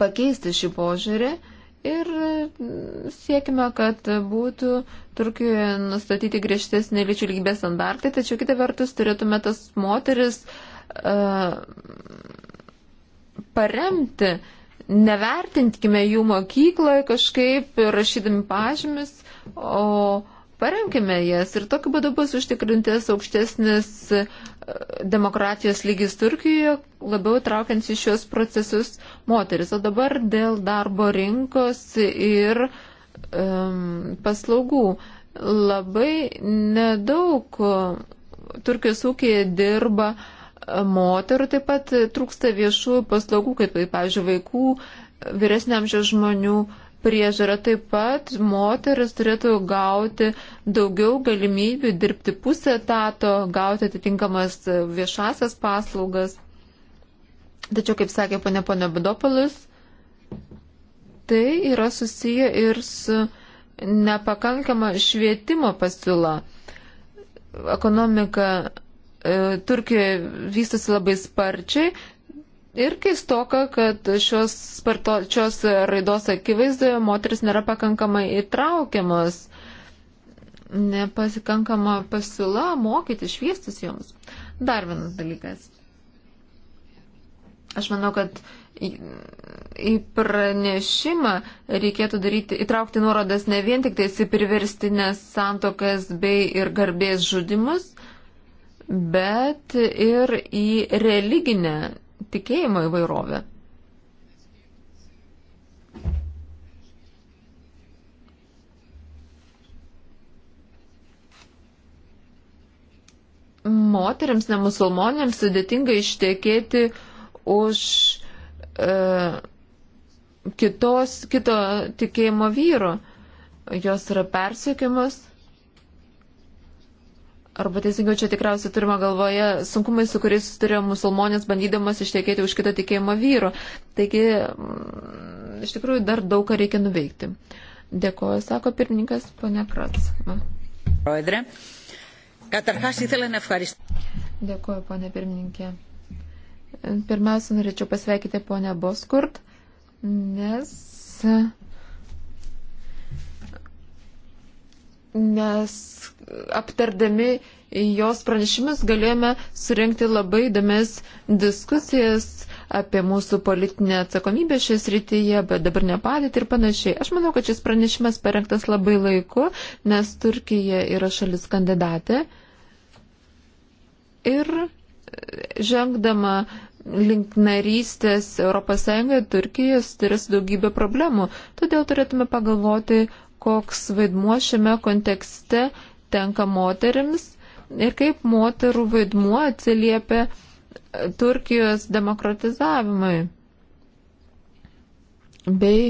pakeisti šį požiūrį ir siekime, kad būtų Turkijoje nustatyti griežtesnį lyčių lygybės standartai, tačiau kitą vertus turėtume tas moteris uh, paremti uh, nevertintkime jų mokykloje kažkaip rašydami pažymis, o paremkime jas ir tokiu būdu bus užtikrintas aukštesnis e, demokratijos lygis Turkijoje, labiau traukiant į šios procesus moteris. O dabar dėl darbo rinkos ir um, paslaugų. Labai nedaug e, Turkijos ūkėje dirba uh, moterų taip pat trūksta viešų paslaugų, kaip, pavyzdžiui, vaikų, vyresniamžiaus žmonių priežiūra. Taip pat moteris turėtų gauti daugiau galimybių dirbti pusę etato, gauti atitinkamas viešasias paslaugas. Tačiau, kaip sakė ponė ponė Budopolis, tai yra susiję ir su nepakankama švietimo pasiūla. Ekonomika E, Turkijoje vystosi labai sparčiai. Ir keistoka, kad šios spartočios raidos akivaizdoje moteris nėra pakankamai įtraukiamas, nepasikankama pasiūla mokyti, šviestis joms. Dar vienas dalykas. Aš manau, kad į pranešimą reikėtų daryti, įtraukti nuorodas ne vien tik tais į priverstinės santokas bei ir garbės žudimus, bet ir į religinę tikėjimo įvairovę. moteriams, nemusulmonėms sudėtinga ištekėti už e, kitos, kito tikėjimo vyro. Jos yra persiekiamas. Arba teisingiau čia tikriausiai turime galvoje sunkumai, su kuriais turėjo musulmonės bandydamas ištekėti už kito tikėjimo vyro. Taigi, mm, iš tikrųjų, dar daug ką reikia nuveikti. Dėkoju, sako pirmininkas, ponia Prats. Dėkoju, ponia pirmininkė. Pirmiausia, norėčiau pasveikyti ponę Boskurt, nes nes aptardami jos pranešimus galėjome surinkti labai įdomias diskusijas apie mūsų politinę atsakomybę šioje srityje, bet dabar nepadėti ir panašiai. Aš manau, kad šis pranešimas parengtas labai laiku, nes Turkija yra šalis kandidatė. Ir žengdama link narystės ES Turkijos turės daugybę problemų, todėl turėtume pagalvoti, koks vaidmuo šiame kontekste tenka moterims ir kaip moterų vaidmuo atsiliepia e, Turkijos demokratizavimui. Bei,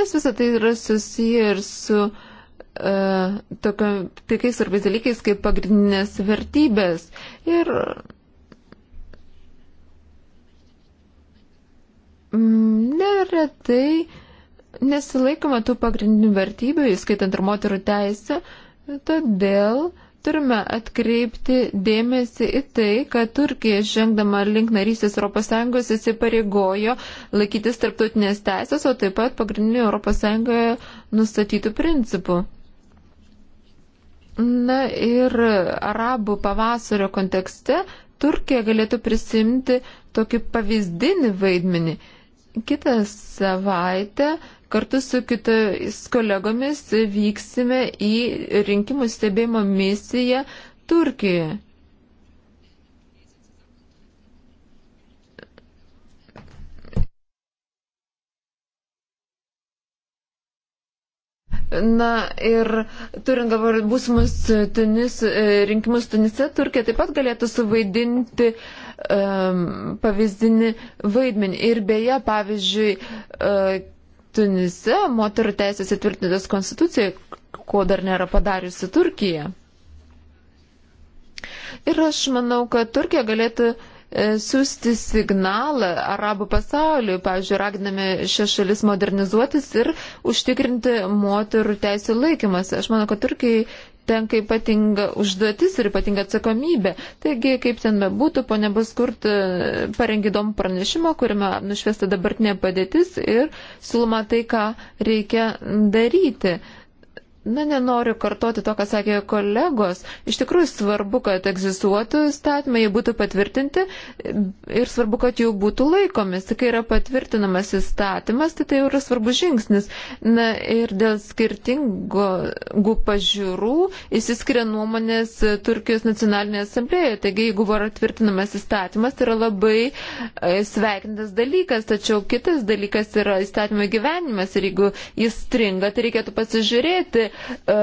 nes visą tai yra susiję ir su uh, tokio, tokiais svarbiais dalykais kaip pagrindinės vertybės. Ir mm, neretai nesilaikoma tų pagrindinių vertybių, įskaitant ir moterų teisę, todėl turime atkreipti dėmesį į tai, kad Turkija žengdama link narysės ES įsipareigojo laikytis tarptautinės teisės, o taip pat pagrindinių ES nustatytų principų. Na ir arabų pavasario kontekste Turkija galėtų prisimti tokį pavyzdinį vaidmenį kitą savaitę kartu su kitais kolegomis vyksime į rinkimų stebėjimo misiją Turkijoje. Na ir turint galvoje būsimus tunis, e, rinkimus Tunise, Turkija taip pat galėtų suvaidinti uh, pavyzdinį vaidmenį. Ir beje, pavyzdžiui, e, Tunise moterų teisės įtvirtintas konstitucijoje, ko dar nėra padariusi Turkija. Ir aš manau, kad Turkija galėtų e, siūsti signalą arabų pasauliui, pavyzdžiui, raginami šias šalis modernizuotis ir užtikrinti moterų teisų laikymas. Aš manau, kad Turkijai tenka ypatinga užduotis ir ypatinga atsakomybė. Taigi, kaip ten bebūtų, ponė Baskurt e, parengė įdomų pranešimą, kuriame nušviesta dabartinė padėtis ir siūloma tai, ką reikia daryti. Na, nenoriu kartoti to, ką sakė kolegos. Iš tikrųjų svarbu, kad egzistuotų įstatymai, jie būtų patvirtinti ir svarbu, kad jų būtų laikomis. Tik kai yra patvirtinamas įstatymas, tai tai jau yra svarbus žingsnis. Na ir dėl skirtingų pažiūrų įsiskiria nuomonės Turkijos nacionalinėje asamblėje. Taigi, jeigu buvo tvirtinamas įstatymas, tai yra labai e, sveikintas dalykas, tačiau kitas dalykas yra įstatymo gyvenimas ir jeigu jis stringa, tai reikėtų pasižiūrėti E,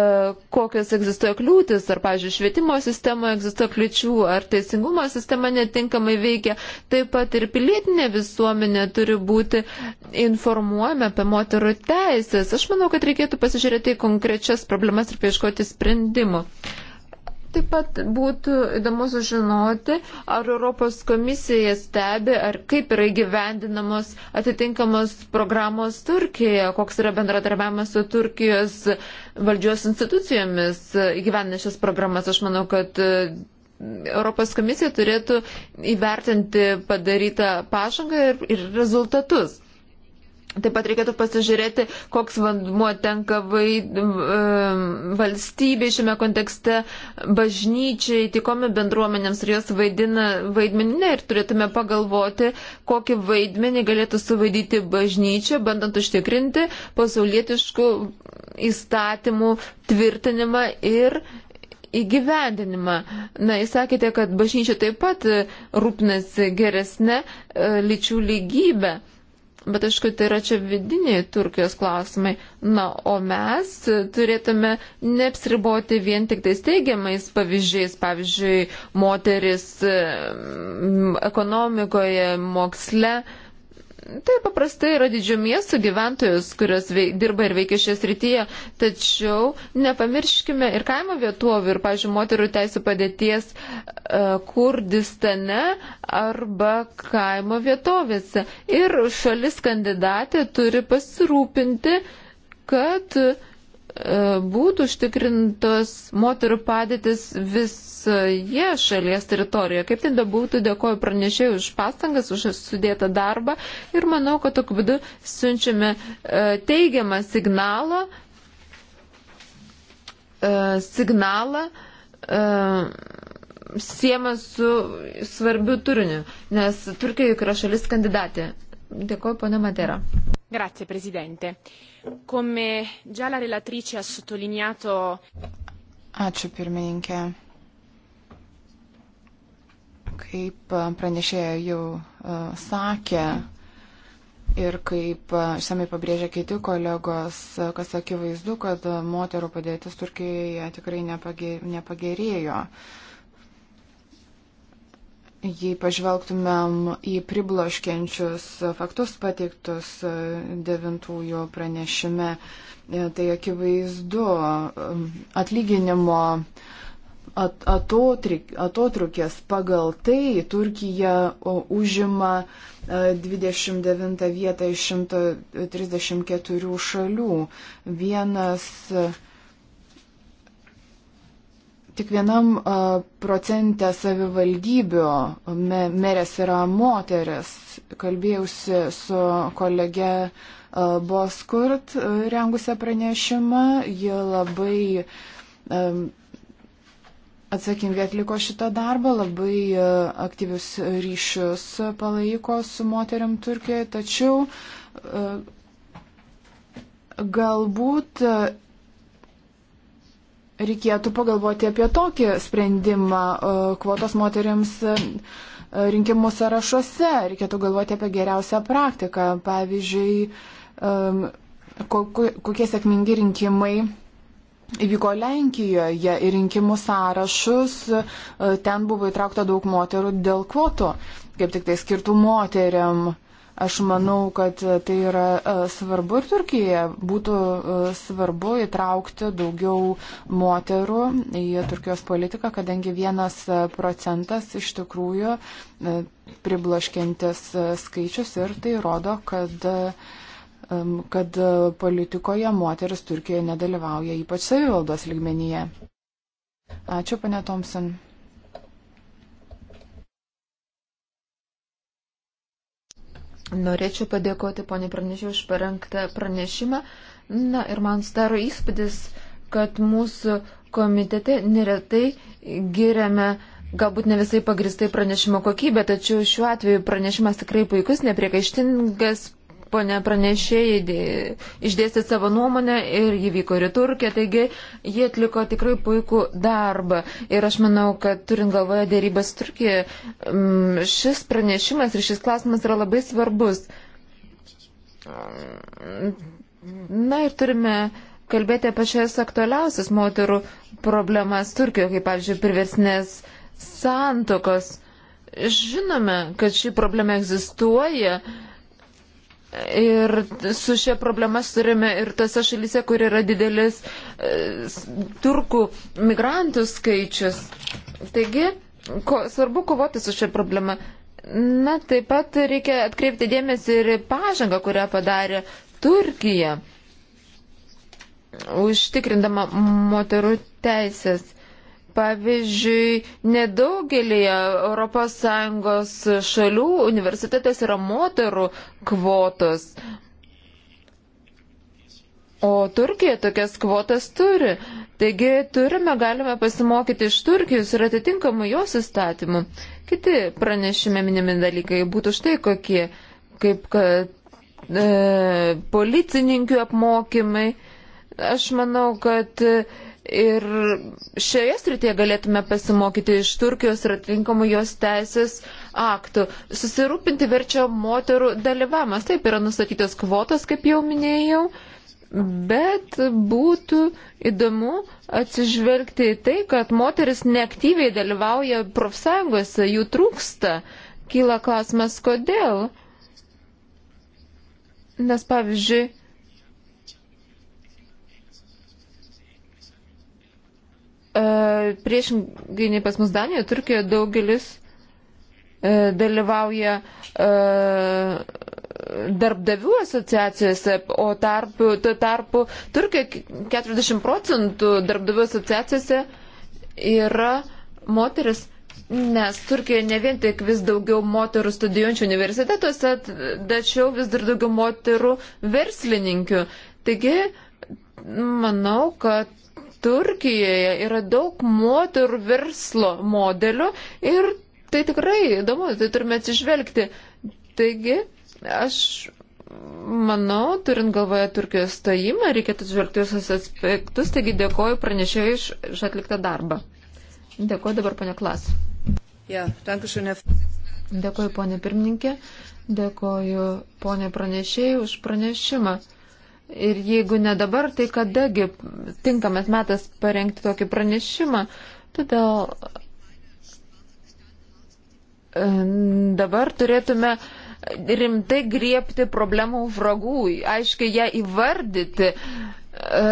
kokios egzistuoja kliūtis, ar, pavyzdžiui, švietimo sistemoje egzistuoja kliučių, ar teisingumo sistema netinkamai veikia. Taip pat ir pilietinė visuomenė turi būti informuojama apie moterų teisės. Aš manau, kad reikėtų pasižiūrėti konkrečias problemas ir paieškoti sprendimų. Taip pat būtų įdomu sužinoti, ar Europos komisija stebi, ar kaip yra įgyvendinamos atitinkamos programos Turkijoje, koks yra bendradarbiavimas su Turkijos valdžios institucijomis įgyvendinant šias programas. Aš manau, kad e, Europos komisija turėtų įvertinti padarytą pažangą ir, ir rezultatus. Taip pat reikėtų pasižiūrėti, koks vanduo tenka vai, valstybė šiame kontekste, bažnyčiai, tikomi bendruomenėms ir jos vaidina vaidmeninę ir turėtume pagalvoti, kokį vaidmenį galėtų suvaidyti bažnyčia, bandant užtikrinti pasaulietiškų įstatymų tvirtinimą ir įgyvendinimą. Na, jūs sakėte, kad bažnyčia taip pat rūpnasi geresnė e, lyčių lygybė. Bet aišku, tai yra čia vidiniai Turkijos klausimai. Na, o mes turėtume neapsiriboti vien tik tais teigiamais pavyzdžiais. Pavyzdžiui, moteris mm, ekonomikoje, moksle. Uh, Tai paprastai yra didžių miestų gyventojus, kurios veik, dirba ir veikia šią srityje, tačiau nepamirškime ir kaimo vietovių, ir, pažiūrėjau, moterų teisų padėties e, Kurdistane arba kaimo vietovėse. Ir šalis kandidatė turi pasirūpinti, kad E, būtų užtikrintos moterų padėtis visoje šalies teritorijoje. Kaip ten bebūtų, dėkoju pranešėjai už pastangas, už sudėtą darbą ir manau, kad tokiu būdu siunčiame e, teigiamą signalą, e, signalą siemą su svarbiu turiniu, nes Turkija juk yra šalis kandidatė. Dėkoju, ponė Matera. Grazie, prezidente. Come già la relatrice ha sottolineato. Ačiū pirmininkė. Kaip pranešėja jau uh, sakė ir kaip e, išsamei pabrėžė kiti kolegos, e, kas akivaizdu, kad moterų padėtis Turkijoje tikrai nepage, nepagerėjo. Uh, Jei pažvelgtumėm į pribloškiančius faktus pateiktus e, devintųjų pranešime, e, tai akivaizdu e, atlyginimo at, atotrukės pagal tai Turkija užima 29 vietą iš 134 šalių. Vienas Tik vienam procente savivaldybių merės yra moteris. Kalbėjausi su kolege Boskurt rengusią pranešimą. Ji labai atsakingai atliko šitą darbą, labai aktyvius ryšius palaiko su moteriam Turkijoje, tačiau galbūt reikėtų pagalvoti apie tokį sprendimą e, kvotos moteriams e, rinkimų sąrašuose. Reikėtų galvoti apie geriausią praktiką. Pavyzdžiui, e, kokie sėkmingi rinkimai įvyko Lenkijoje į rinkimų sąrašus, ten buvo įtraukta daug moterų dėl kvotų, kaip tik tai skirtų moteriam. Aš manau, kad tai yra e, svarbu ir Turkija. Būtų e, svarbu įtraukti daugiau moterų į Turkijos politiką, kadangi vienas e, procentas iš tikrųjų priblaškiantis skaičius ir tai rodo, kad kad politikoje moteris Turkijoje nedalyvauja, ypač savivaldos lygmenyje. Ačiū, pane Thompson. Norėčiau padėkoti ponė pranešė už parengtą pranešimą. Na ir man staro įspūdis, kad mūsų komitete neretai giriame galbūt ne visai pagristai pranešimo kokybę, tačiau šiuo atveju pranešimas tikrai puikus, nepriekaištingas, ponė pranešėjai išdėstė savo nuomonę ir ji vyko į Turkiją, taigi jie atliko tikrai puikų darbą. Ir aš manau, kad turint galvoje dėrybas Turkijoje, mm, šis pranešimas ir šis klausimas yra labai svarbus. Na ir turime kalbėti apie šias aktualiausias moterų problemas Turkijoje, kaip pavyzdžiui, priversnės santokos. Žinome, kad ši problema egzistuoja Ir su šia problema turime ir tose šalyse, kur yra didelis e, turkų migrantų skaičius. Taigi, ko, svarbu kovoti su šia problema. Na, taip pat reikia atkreipti dėmesį ir pažangą, kurią padarė Turkija, užtikrindama moterų teisės. Pavyzdžiui, nedaugelėje ES šalių universitetas yra moterų kvotos. O Turkija tokias kvotas turi. Taigi turime, galime pasimokyti iš Turkijos ir atitinkamų jos įstatymų. Kiti pranešime minimi dalykai būtų štai kokie, kaip kad e, policininkų apmokymai. Aš manau, kad e, Ir šioje srityje galėtume pasimokyti iš Turkijos ir atinkamų jos teisės aktų. Susirūpinti verčia moterų dalyvavimas. Taip yra nustatytos kvotos, kaip jau minėjau, bet būtų įdomu atsižvelgti į tai, kad moteris neaktyviai dalyvauja profsąjungose, jų trūksta. Kyla klausimas, kodėl? Nes pavyzdžiui, E, priešingai nei pas mus Danijoje, Turkijoje daugelis e, dalyvauja e, darbdavių asociacijose, o tarpu, tuo tarpu Turkija 40 procentų darbdavių asociacijose yra moteris. Nes Turkijoje ne vien tik vis daugiau moterų studijuojančių universitetuose, tačiau vis dar daugiau moterų verslininkių. Taigi, manau, kad Turkijoje yra daug moterų verslo modelių ir tai tikrai įdomu, tai turime atsižvelgti. Taigi, aš manau, turint galvoje Turkijos stojimą, reikėtų atsižvelgti visus aspektus, taigi dėkoju pranešėjai iš, iš atliktą darbą. Dėkoju dabar, ponia Klas. Yeah, dėkoju, ponia pirmininkė, dėkoju, ponia pranešėjai, už pranešimą. Ir jeigu ne dabar, tai kadagi tinkamas metas parengti tokį pranešimą. Todėl e, dabar turėtume rimtai griepti problemų vragų, aiškiai ją įvardyti. E,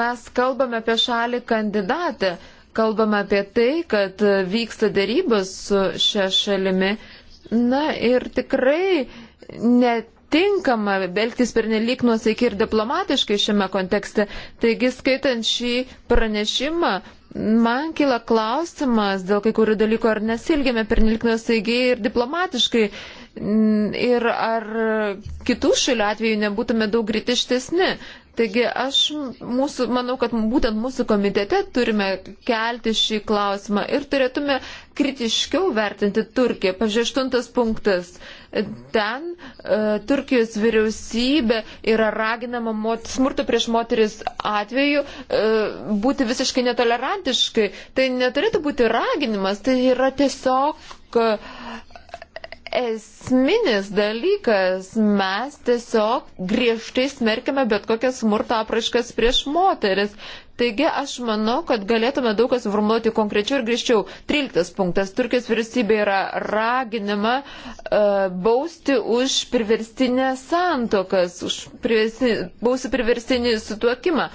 mes kalbame apie šalį kandidatę, kalbame apie tai, kad vyksta dėrybas su šia šalimi. Na ir tikrai net netinkama belgtis pernelyg nuosaikiai ir diplomatiškai šiame kontekste. Taigi, skaitant šį pranešimą, man kila klausimas dėl kai kurių dalykų, ar nesilgėme pernelyg nuosaigiai ir diplomatiškai. Ir ar kitų šalių atveju nebūtume daug gritištesni. Taigi aš mūsų, manau, kad būtent mūsų komitete turime kelti šį klausimą ir turėtume kritiškiau vertinti Turkiją. Pavyzdžiui, aštuntas punktas. Ten e, Turkijos vyriausybė yra raginama mot, smurto prieš moteris atveju e, būti visiškai netolerantiškai. Tai neturėtų būti raginimas, tai yra tiesiog e, esminis dalykas. Mes tiesiog griežtai smerkime bet kokias smurto apraškas prieš moteris. Taigi aš manau, kad galėtume daug kas formuoti konkrečiau ir grįžčiau. 13 punktas. Turkijos vyriausybė yra raginama uh, bausti už priverstinę santokas, už priversinį, bausti priverstinį sutuokimą.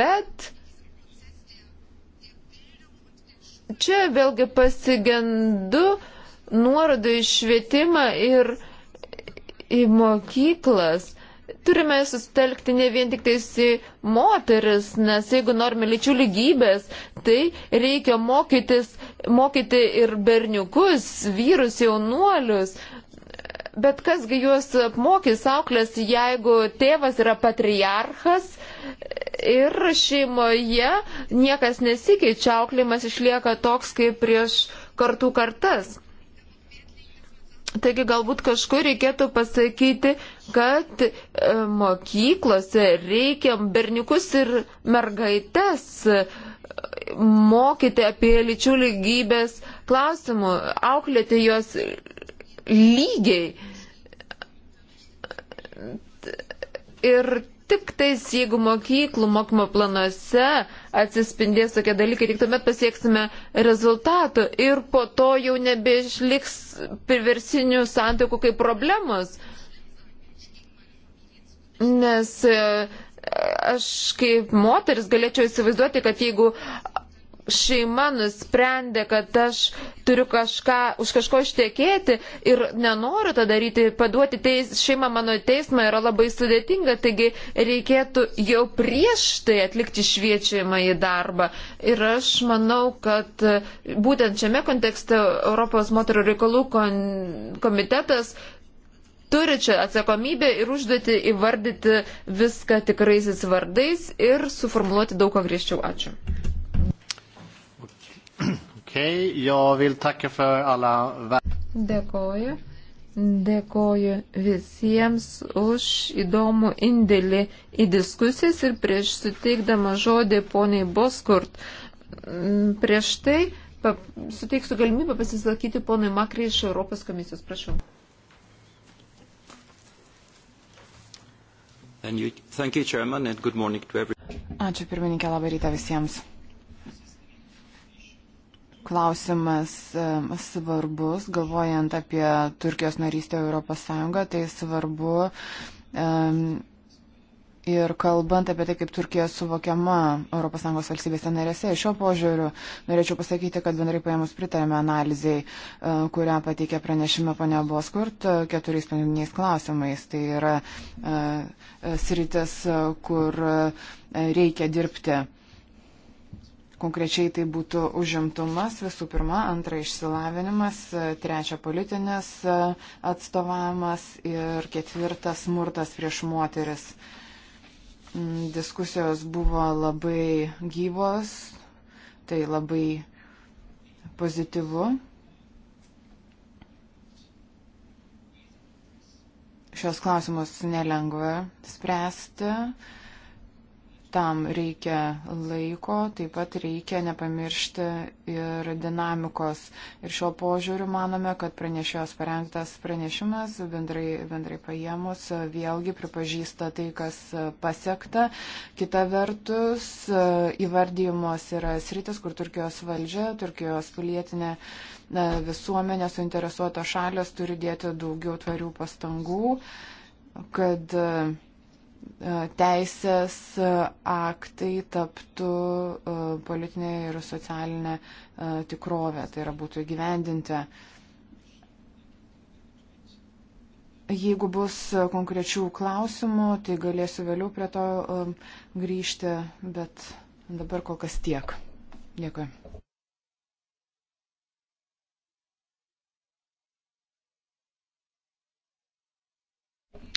Bet čia vėlgi pasigendu nuorodų į švietimą ir į mokyklas turime susitelkti ne vien tik tais į moteris, nes jeigu norime lyčių lygybės, tai reikia mokytis, mokyti ir berniukus, vyrus, jaunuolius. Bet kasgi juos apmokys auklės, jeigu tėvas yra patriarchas ir šeimoje niekas nesikeičia, auklėjimas išlieka toks kaip prieš kartų kartas. Taigi galbūt kažkur reikėtų pasakyti, kad e, mokyklose reikia berniukus ir mergaites e, mokyti apie lyčių lygybės klausimų, auklėti juos lygiai. E, ir tik tais, jeigu mokyklų mokymo planuose atsispindės tokie dalykai, tik tuomet pasieksime rezultatų ir po to jau nebeišliks priversinių santykių kaip problemos. Nes e, aš kaip moteris galėčiau įsivaizduoti, kad jeigu šeima nusprendė, kad aš turiu kažką, už kažko ištekėti ir nenoriu tą daryti, paduoti teis, šeimą mano teismą yra labai sudėtinga, taigi reikėtų jau prieš tai atlikti šviečiamą į darbą. Ir aš manau, kad būtent šiame kontekste Europos moterų reikalų komitetas turi čia atsakomybę ir užduoti įvardyti viską tikraisiais vardais ir suformuoluoti daug ką griežčiau. Ačiū. Okej, okay, jag vill tacka för alla... Dėkoju. Dėkoju visiems už įdomų indėlį į diskusijas ir prieš suteikdama žodį poniai Boskurt. Prieš tai pap, suteiksiu galimybę pasisakyti ponui Makrai iš Europos komisijos. Prašau. You, you, Chairman, Ačiū pirmininkė, labai rytą visiems klausimas svarbus, galvojant apie Turkijos narystę Europos Sąjungą, tai svarbu ir kalbant apie tai, kaip Turkija suvokiama ES valstybėse narėse. Šiuo požiūriu norėčiau pasakyti, kad bendrai paėmus pritarėme analizai, e, kurią pateikė pranešime ponia Boskurt e, keturiais pagrindiniais klausimais. Tai yra e, sritis, kur reikia dirbti Konkrečiai tai būtų užimtumas, visų pirma, antra išsilavinimas, trečia politinis atstovavimas ir ketvirtas smurtas prieš moteris. Mm, diskusijos buvo labai gyvos, tai labai pozityvu. Šios klausimus nelengva spręsti Tam reikia laiko, taip pat reikia nepamiršti ir dinamikos. Ir šiuo požiūriu manome, kad pranešėjos parengtas pranešimas bendrai, bendrai paėmus vėlgi pripažįsta tai, kas pasiekta. Kita vertus, įvardyjimos yra sritis, kur Turkijos valdžia, Turkijos pilietinė e, visuomenė suinteresuotos šalės turi dėti daugiau tvarių pastangų, kad uh, E, teisės aktai taptų e, politinė ir socialinė e, tikrovė, tai yra būtų įgyvendinti. Jeigu bus konkrečių klausimų, tai galėsiu vėliau prie to grįžti, bet dabar kol kas tiek. Dėkui.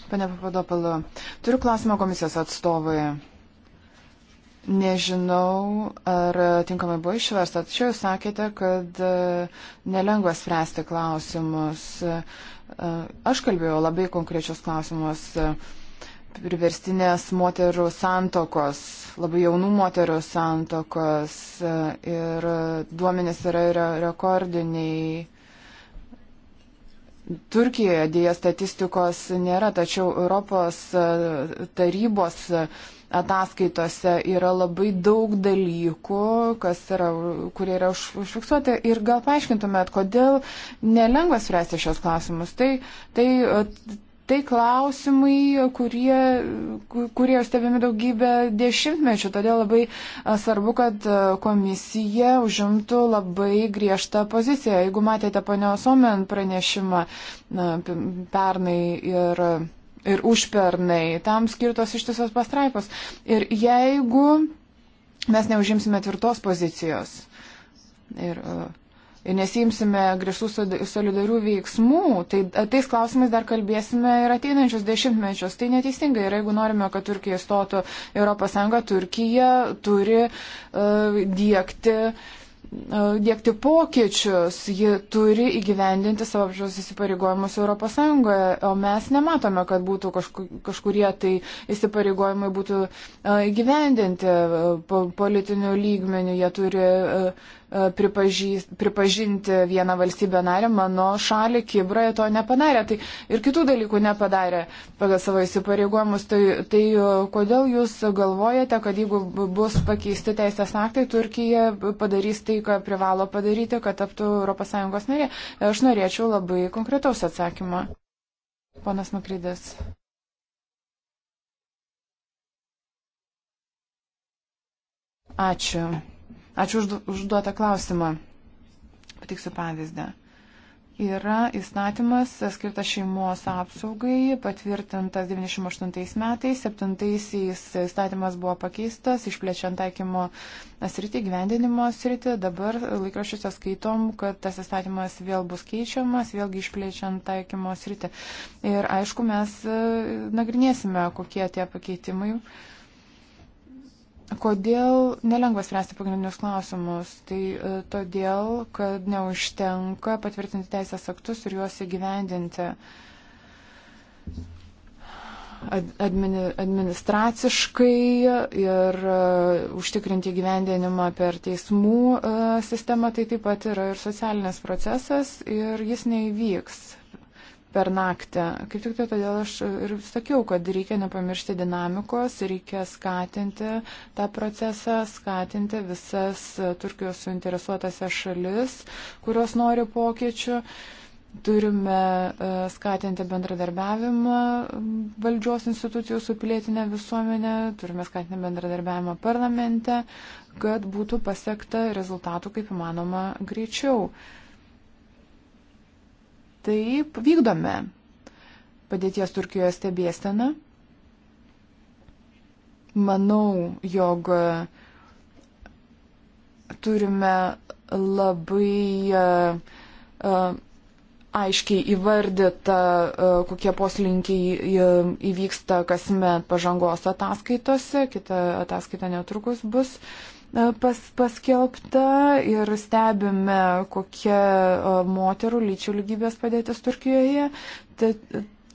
Pane Papadopalo, turiu klausimą komisijos atstovui. Nežinau, ar tinkamai buvo išversta, tačiau jūs sakėte, kad e, nelengva spręsti klausimus. E, aš kalbėjau labai konkrečius klausimus. E, priverstinės moterų santokos, labai jaunų moterų santokos ir duomenys yra rekordiniai Turkijoje dėja statistikos nėra, tačiau Europos e, tarybos ataskaitose yra labai daug dalykų, yra, kurie yra užfiksuoti. Ir gal paaiškintumėt, kodėl nelengva spręsti šios klausimus. Tai, tai tai klausimai, kurie, kurie stebimi daugybę dešimtmečių. Todėl labai svarbu, kad komisija užimtų labai griežtą poziciją. Jeigu matėte panios Omen pranešimą na, pernai ir. Ir užpernai, tam skirtos ištisos pastraipos. Ir jeigu mes neužimsime tvirtos pozicijos ir uh, nesimsime griežtų solidarių veiksmų, tai tais klausimais dar kalbėsime ir ateinančius dešimtmečius. Tai neteisinga ir jeigu norime, kad Turkija stotų Europos Sąjungą, Turkija turi uh, dėkti uh, dėkti pokyčius, ji turi įgyvendinti savo apžiūros įsipareigojimus ES, o mes nematome, kad būtų kažku, kažkurie tai įsipareigojimai būtų uh, įgyvendinti uh, politinių lygmenių, jie turi pripažinti vieną valstybę narę, mano šalį Kibrą to nepadarė. Tai ir kitų dalykų nepadarė pagal savo įsipareigojimus. Tai, tai e, kodėl jūs galvojate, kad jeigu bus pakeisti teisės aktai, Turkija padarys tai, ką privalo padaryti, kad taptų ES narė? Aš norėčiau labai konkretaus atsakymą. Ponas Makrydės. Ačiū. Ačiū už užduotą klausimą. Patiksiu pavyzdį. Yra įstatymas skirtas šeimos apsaugai, patvirtintas 98 metais, 7-aisiais įstatymas buvo pakeistas, išplečiant taikymo sritį, gyvendinimo sritį. Dabar laikraščiuose skaitom, kad tas įstatymas vėl bus keičiamas, vėlgi išplečiant taikymo sritį. Ir aišku, mes e, nagrinėsime, kokie tie pakeitimai. Uh, Kodėl nelengva spręsti pagrindinius klausimus? Tai e, todėl, kad neužtenka patvirtinti teisės aktus ir juos įgyvendinti admini, administraciškai ir uh, užtikrinti gyvendinimą per teismų uh, sistemą, tai taip pat yra ir socialinis procesas ir jis neįvyks per naktį. Kaip tik tai todėl aš ir sakiau, kad reikia nepamiršti dinamikos, reikia skatinti tą procesą, skatinti visas Turkijos suinteresuotose šalis, kurios nori pokyčių. Turime e, skatinti bendradarbiavimą valdžios institucijų su pilietinė visuomenė, turime skatinti bendradarbiavimą parlamente, kad būtų pasiekta rezultatų kaip įmanoma greičiau. Taip, vykdome padėties Turkijoje stebėseną. Manau, jog turime labai uh, aiškiai įvardyta, e, kokie poslinkiai įvyksta kasmet pažangos ataskaitose. Kita ataskaita netrukus bus E, pas, paskelbta ir stebime, kokia e, moterų lyčių lygybės padėtis Turkijoje. Ta,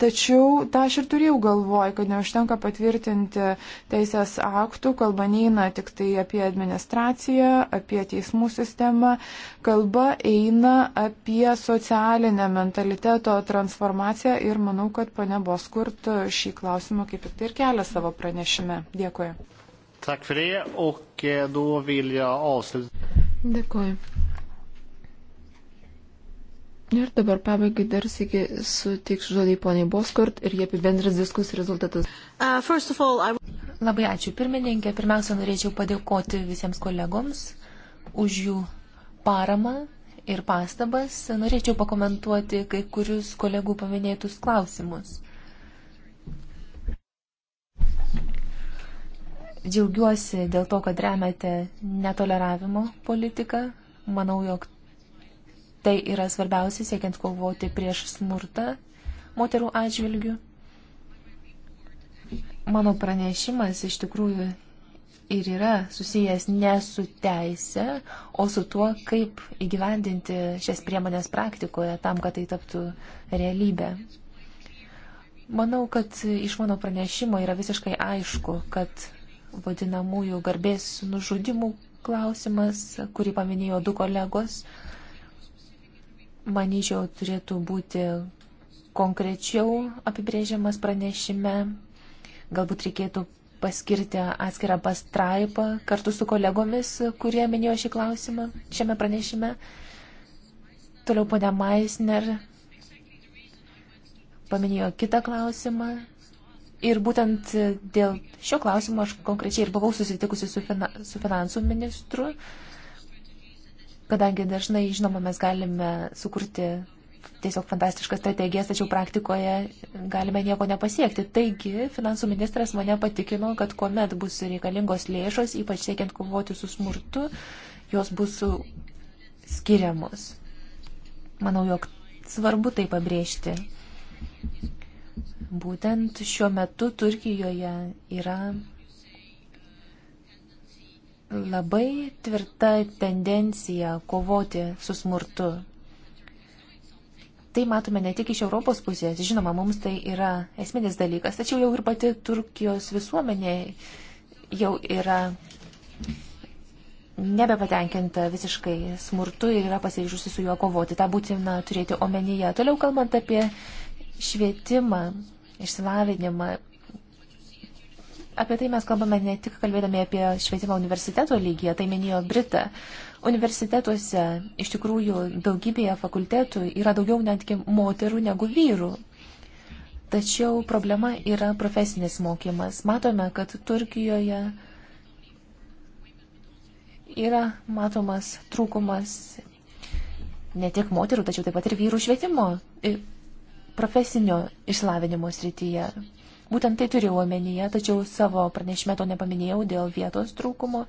Tačiau tą aš ir turėjau galvoj, kad neužtenka patvirtinti teisės aktų, kalba neina tik tai apie administraciją, apie teismų sistemą, kalba eina apie socialinę mentaliteto transformaciją ir manau, kad pane Boskurt šį klausimą kaip ir tai ir kelia savo pranešime. Dėkuoju. Tack för det och eh, då vill jag avsluta. Dėkuoju. Ir dabar pabaigai dar sėki sutiks žodį poniai Boskort ir jie apibendrins diskusijų rezultatus. Uh, all, I... Labai ačiū pirmininkė. Pirmiausia, norėčiau padėkoti visiems kolegoms už jų paramą ir pastabas. Norėčiau pakomentuoti kai kurius kolegų paminėtus klausimus. Džiaugiuosi dėl to, kad remiate netoleravimo politiką. Manau, jog tai yra svarbiausia siekiant kovoti prieš smurtą moterų atžvilgių. Mano pranešimas iš tikrųjų ir yra susijęs ne su teise, o su tuo, kaip įgyvendinti šias priemonės praktikoje tam, kad tai taptų realybė. Manau, kad iš mano pranešimo yra visiškai aišku, kad vadinamųjų garbės nužudimų klausimas, kurį paminėjo du kolegos, manyčiau, turėtų būti konkrečiau apibrėžiamas pranešime. Galbūt reikėtų paskirti atskirą pastraipą kartu su kolegomis, kurie minėjo šį klausimą šiame pranešime. Toliau ponia Maisner paminėjo kitą klausimą Ir būtent dėl šio klausimo aš konkrečiai ir buvau susitikusi su, fina, su finansų ministru, kadangi dažnai, žinoma, mes galime sukurti tiesiog fantastiškas strategijas, tačiau praktikoje galime nieko nepasiekti. Taigi, finansų ministras mane patikino, kad kuomet bus reikalingos lėšos, ypač siekiant kovoti su smurtu, jos bus skiriamos. Manau, jog svarbu tai pabrėžti. Būtent šiuo metu Turkijoje yra labai tvirta tendencija kovoti su smurtu. Tai matome ne tik iš Europos pusės, žinoma, mums tai yra esminis dalykas, tačiau jau ir pati Turkijos visuomenė jau yra nebepatenkinta visiškai smurtu ir yra pasiryžusi su juo kovoti. Ta būtina turėti omenyje. Toliau kalbant apie švietimą, išsilavinimą. Apie tai mes kalbame ne tik kalbėdami apie švietimą universiteto lygyje, tai minėjo Brita. Universitetuose iš tikrųjų daugybėje fakultetų yra daugiau netgi moterų negu vyrų. Tačiau problema yra profesinis mokymas. Matome, kad Turkijoje yra matomas trūkumas ne tik moterų, tačiau taip pat ir vyrų švietimo profesinio išlavinimo srityje. Būtent tai turėjau omenyje, tačiau savo pranešime to nepaminėjau dėl vietos trūkumo.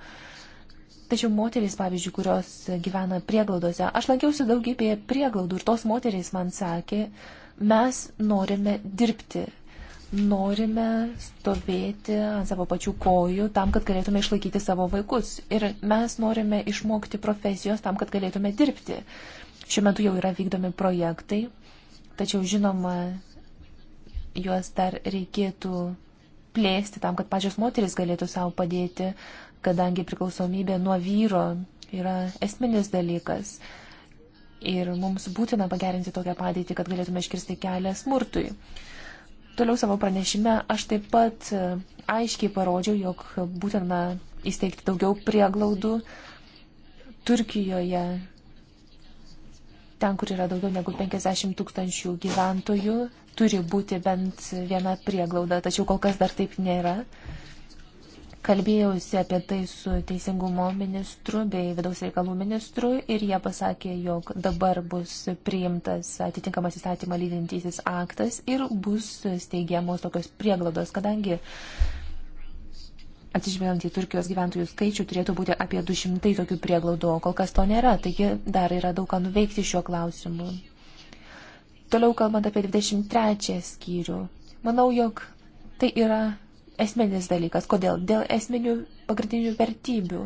Tačiau moterys, pavyzdžiui, kurios gyvena prieglaudose, aš lankiausi daugybėje prieglaudų ir tos moterys man sakė, mes norime dirbti, norime stovėti ant savo pačių kojų tam, kad galėtume išlaikyti savo vaikus. Ir mes norime išmokti profesijos tam, kad galėtume dirbti. Šiuo metu jau yra vykdomi projektai, Tačiau, žinoma, juos dar reikėtų plėsti tam, kad pačios moteris galėtų savo padėti, kadangi priklausomybė nuo vyro yra esminis dalykas. Ir mums būtina pagerinti tokią padėtį, kad galėtume iškirsti kelią smurtui. Toliau savo pranešime aš taip pat e, aiškiai parodžiau, jog būtina įsteigti daugiau prieglaudų Turkijoje ten, kur yra daugiau negu 50 tūkstančių gyventojų, turi būti bent viena prieglauda, tačiau kol kas dar taip nėra. Kalbėjausi apie tai su teisingumo ministru bei vidaus reikalų ministru ir jie pasakė, jog dabar bus priimtas atitinkamas įstatymą lydintysis aktas ir bus steigiamos tokios prieglaudos, kadangi uh, atsižvelgiant į Turkijos gyventojų skaičių, turėtų būti apie 200 tokių prieglaudų, o kol kas to nėra, taigi dar yra daug ką nuveikti šiuo klausimu. Toliau kalbant apie 23 skyrių, manau, jog tai yra esminis dalykas. Kodėl? Dėl esminių pagrindinių vertybių.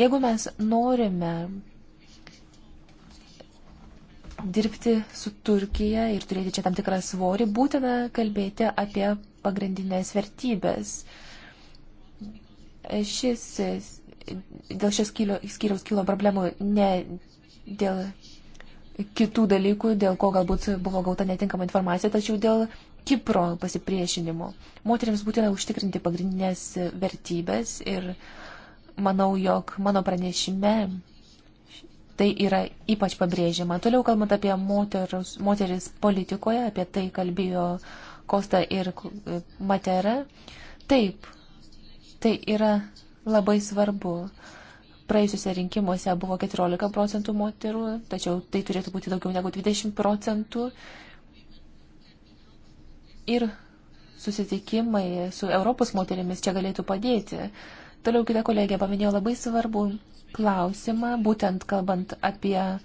Jeigu mes norime dirbti su Turkija ir turėti čia tam tikrą svorį, būtina kalbėti apie pagrindinės vertybės. Uh, Šis, dėl šios skyriaus kilo problemų ne dėl kitų dalykų, dėl ko galbūt buvo gauta netinkama informacija, tačiau dėl Kipro pasipriešinimo. Moteriams būtina užtikrinti pagrindinės vertybės ir manau, jog mano pranešime tai yra ypač pabrėžiama. Toliau kalbant apie moterus, moteris politikoje, apie tai kalbėjo Kosta ir Matera. Taip, Tai yra labai svarbu. Praėjusiuose rinkimuose buvo 14 procentų moterų, tačiau tai turėtų būti daugiau negu 20 procentų. Ir susitikimai su Europos moterimis čia galėtų padėti. Toliau kita kolegė paminėjo labai svarbų klausimą, būtent kalbant apie e,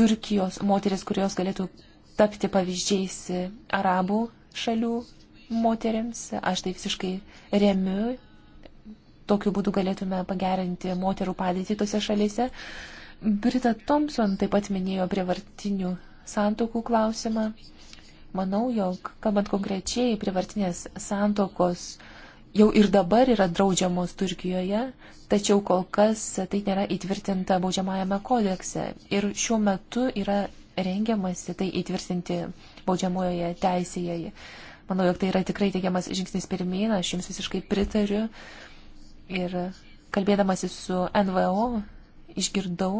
Turkijos moteris, kurios galėtų tapti pavyzdžiais arabų šalių moteriams. Aš tai visiškai remiu. Tokiu būdu galėtume pagerinti moterų padėtį tose šalyse. Brita Thompson taip pat minėjo prievartinių santokų klausimą. Manau, jog, kalbant konkrečiai, prievartinės santokos jau ir dabar yra draudžiamos Turkijoje, tačiau kol kas tai nėra įtvirtinta baudžiamajame kodekse. Ir šiuo metu yra rengiamasi tai įtvirtinti baudžiamojoje teisėje. Manau, jog tai yra tikrai teigiamas žingsnis pirmyn, aš jums visiškai pritariu. Ir kalbėdamasi su NVO išgirdau,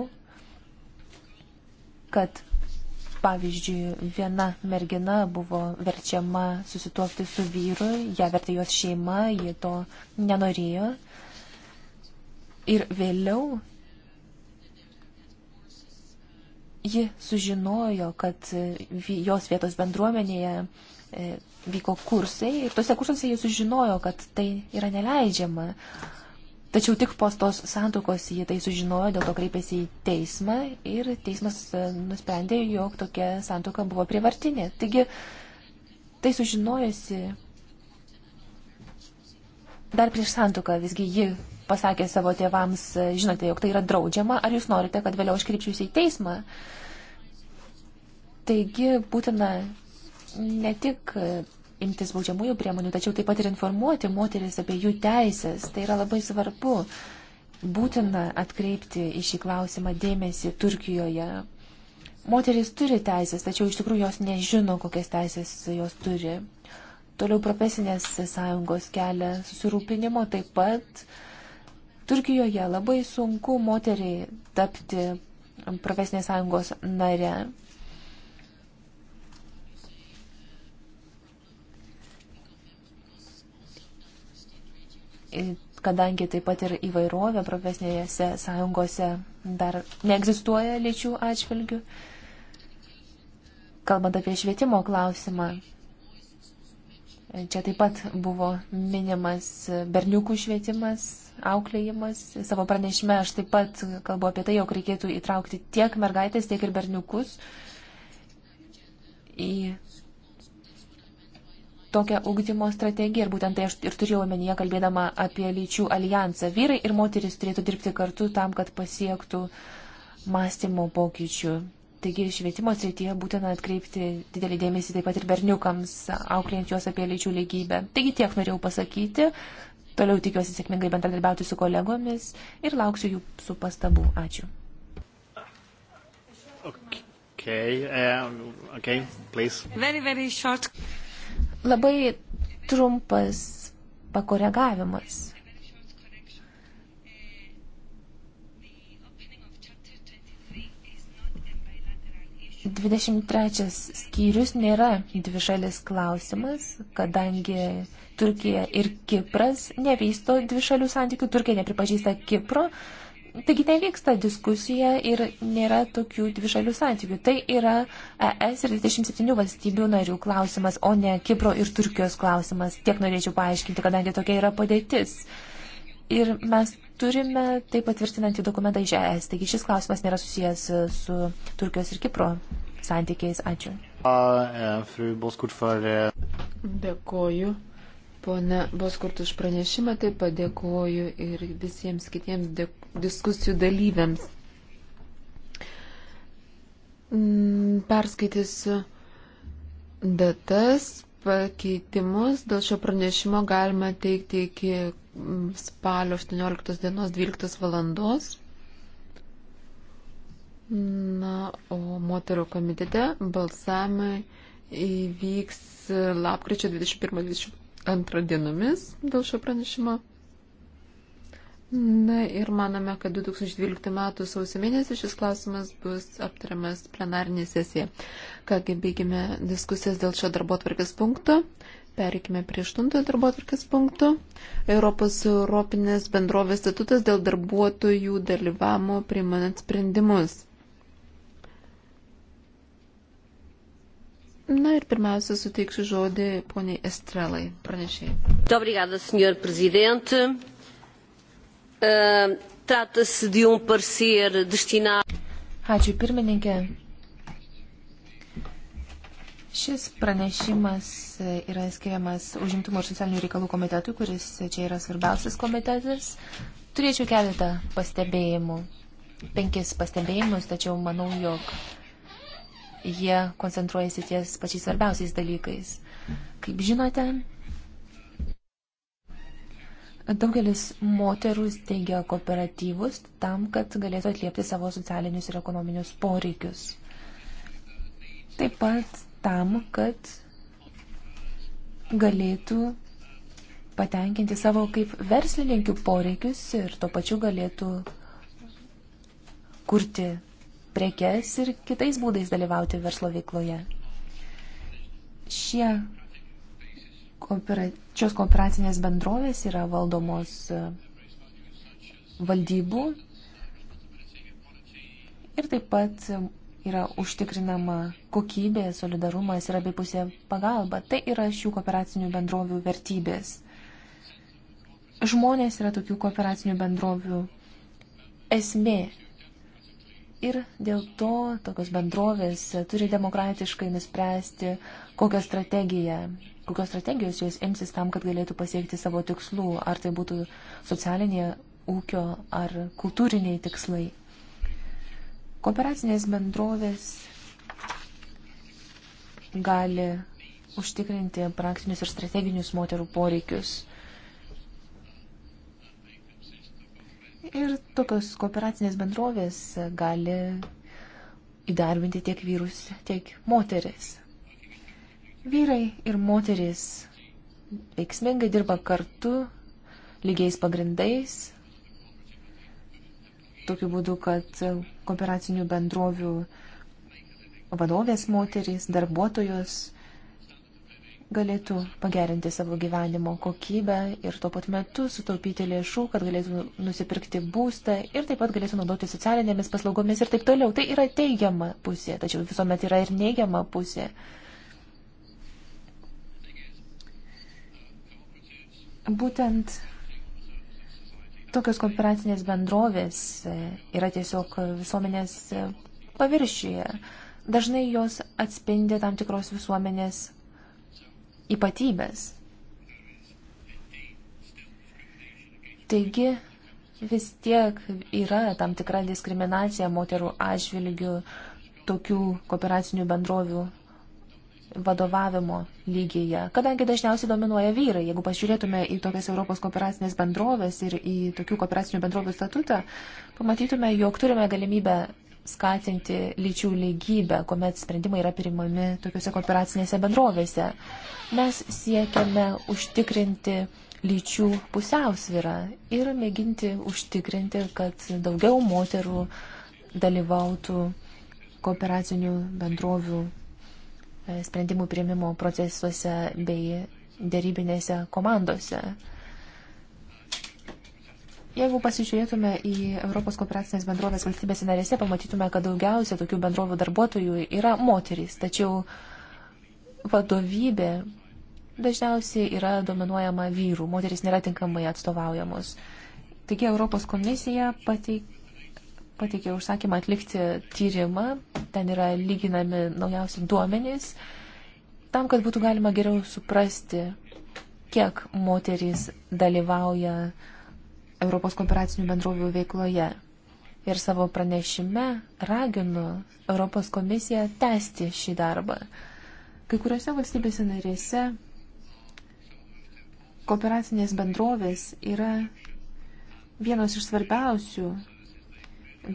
kad pavyzdžiui viena mergina buvo verčiama susituokti su vyru, ją vertė jos šeima, ji to nenorėjo. Ir vėliau ji sužinojo, kad jos vietos bendruomenėje e, vyko kursai ir tose kursuose jie sužinojo, kad tai yra neleidžiama. Tačiau tik po tos santokos jie tai sužinojo, dėl to kreipėsi į teismą ir teismas e, nusprendė, jog tokia santoka buvo prievartinė. Taigi tai sužinojusi dar prieš santoką visgi ji pasakė savo tėvams, e, žinote, jog tai yra draudžiama, ar jūs norite, kad vėliau aš kreipčiausi į teismą. Taigi būtina ne tik e, imtis baudžiamųjų priemonių, tačiau taip pat ir informuoti moteris apie jų teisės. Tai yra labai svarbu. Būtina atkreipti į šį klausimą dėmesį Turkijoje. Moteris turi teisės, tačiau iš tikrųjų jos nežino, kokias teisės jos turi. Toliau profesinės sąjungos kelia susirūpinimo taip pat. Turkijoje labai sunku moteriai tapti profesinės sąjungos nare. kadangi taip pat ir įvairovė profesinėse sąjungose dar neegzistuoja lyčių atžvilgių. Kalbant apie švietimo klausimą, čia taip pat buvo minimas berniukų švietimas, auklėjimas. Savo pranešime aš taip pat kalbu apie tai, jog reikėtų įtraukti tiek mergaitės, tiek ir berniukus į tokią ugdymo strategiją ir būtent tai aš ir turėjau omenyje kalbėdama apie lyčių alijansą. Vyrai ir moteris turėtų dirbti kartu tam, kad pasiektų mąstymo pokyčių. Taigi švietimo srityje būtina atkreipti didelį dėmesį taip pat ir berniukams, auklėjant juos apie lyčių lygybę. Taigi tiek norėjau pasakyti. Toliau tikiuosi sėkmingai bendradarbiauti su kolegomis ir lauksiu jų su pastabu. Ačiū. Okay, uh, okay, please. Very, very short. Labai trumpas pakoregavimas. Dvidešimt trečias skyrius nėra dvišalis klausimas, kadangi Turkija ir Kipras nevysto dvišalių santykių, Turkija nepripažįsta Kipro, uh, Taigi ten vyksta diskusija ir nėra tokių dvišalių santykių. Tai yra ES ir 27 valstybių narių klausimas, o ne Kipro ir Turkijos klausimas. Tiek norėčiau paaiškinti, kadangi tokia yra padėtis. Ir mes turime tai patvirtinantį dokumentą iš ES. Taigi šis klausimas nėra susijęs su Turkijos ir Kipro santykiais. Ačiū. E, e, Dėkoju Pone Boskurt už pranešimą taip pat dėkoju ir visiems kitiems diskusijų dalyviams. Mm, perskaitysiu datas, pakeitimus dėl šio pranešimo galima teikti iki mm, spalio 18 dienos 12 valandos. Na, o moterų komitete balsavimai įvyks lapkričio 21-22 antrą dienomis dėl šio pranešimo. Na ir manome, kad 2012 m. sausio mėnesį šis klausimas bus aptariamas plenarinė sesija. Kągi, baigime diskusijas dėl šio darbo atvarkės punkto. Pereikime prie 8 darbo atvarkės punktų. Europos Europinės bendrovės statutas dėl darbuotojų dalyvamo priimant sprendimus. Na ir pirmiausia, suteiksiu žodį poniai Estrelai, pranešėjai. Obrigada, senhor prezidente. Uh, eh, Trata-se de um parecer destinado. Ačiū pirmininkė. Šis pranešimas eh, yra skiriamas užimtumo ir socialinių reikalų komitetui, kuris čia yra svarbiausias komitetas. Turėčiau keletą pastebėjimų, penkis pastebėjimus, tačiau manau, jog jie koncentruojasi ties pačiais svarbiausiais dalykais. Kaip žinote, daugelis moterų steigia kooperatyvus tam, kad galėtų atliepti savo socialinius ir ekonominius poreikius. Taip pat tam, kad galėtų patenkinti savo kaip verslininkių poreikius ir tuo pačiu galėtų kurti prekes ir kitais būdais dalyvauti verslo veikloje. Šie koopera, šios kooperacinės bendrovės yra valdomos e, valdybų ir taip pat yra užtikrinama kokybė, solidarumas ir abipusė pagalba. Tai yra šių kooperacinių bendrovių vertybės. Žmonės yra tokių kooperacinių bendrovių esmė. Ir dėl to tokios bendrovės turi demokratiškai nuspręsti, kokią strategiją, kokios strategijos jos imsis tam, kad galėtų pasiekti savo tikslų, ar tai būtų socialinė, ūkio ar kultūriniai tikslai. Kooperacinės bendrovės gali užtikrinti praktinius ir strateginius moterų poreikius. Ir tokios kooperacinės bendrovės gali įdarbinti tiek vyrus, tiek moteris. Vyrai ir moteris veiksmingai dirba kartu, lygiais pagrindais, tokiu būdu, kad kooperacinių bendrovių vadovės moterys, darbuotojos galėtų pagerinti savo gyvenimo kokybę ir tuo pat metu sutaupyti lėšų, kad galėtų nusipirkti būstą ir taip pat galėtų naudoti socialinėmis paslaugomis ir taip toliau. Tai yra teigiama pusė, tačiau visuomet yra ir neigiama pusė. Būtent tokios kooperacinės bendrovės e, yra tiesiog visuomenės e, paviršyje. Dažnai jos atspindi tam tikros visuomenės ypatybės. Taigi vis tiek yra tam tikra diskriminacija moterų atžvilgių tokių kooperacinių bendrovių vadovavimo lygyje, kadangi dažniausiai dominuoja vyrai. Jeigu pažiūrėtume į tokias Europos kooperacinės bendrovės ir į tokių kooperacinių bendrovių statutą, pamatytume, jog turime galimybę skatinti lyčių lygybę, kuomet sprendimai yra priimami tokiuose korporacinėse bendrovėse. Mes siekiame užtikrinti lyčių pusiausvyrą ir mėginti užtikrinti, kad daugiau moterų dalyvautų kooperacinių bendrovių e, sprendimų prieimimo procesuose bei dėrybinėse komandose. Jeigu pasižiūrėtume į Europos kooperacinės bendrovės valstybėse narėse, pamatytume, kad daugiausia tokių bendrovių darbuotojų yra moterys, tačiau vadovybė dažniausiai yra dominuojama vyrų, moteris nėra tinkamai atstovaujamos. Taigi Europos komisija pateik, pateikė užsakymą atlikti tyrimą, ten yra lyginami naujausi duomenys, tam, kad būtų galima geriau suprasti, kiek moterys dalyvauja uh, Europos kooperacinių bendrovių veikloje. Ir savo pranešime raginu Europos komisiją tęsti šį darbą. Kai kuriuose valstybėse narėse kooperacinės bendrovės yra vienos iš svarbiausių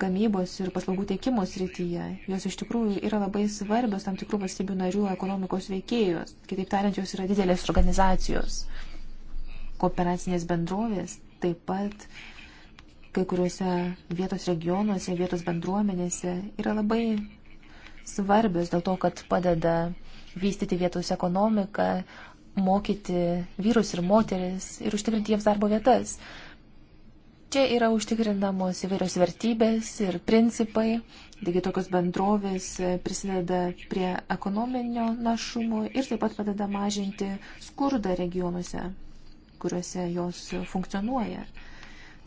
gamybos ir paslaugų teikimo srityje. Jos iš tikrųjų yra labai svarbios tam tikrų valstybių narių ekonomikos veikėjos. Kitaip tariant, jos yra didelės organizacijos. Kooperacinės bendrovės Taip pat kai kuriuose vietos regionuose, vietos bendruomenėse yra labai svarbios dėl to, kad padeda vystyti vietos ekonomiką, mokyti vyrus ir moteris ir užtikrinti jiems darbo vietas. Čia yra užtikrinamos įvairios vertybės ir principai, taigi tokios bendrovės prisideda prie ekonominio našumo ir taip pat padeda mažinti skurdą regionuose kuriuose jos funkcionuoja.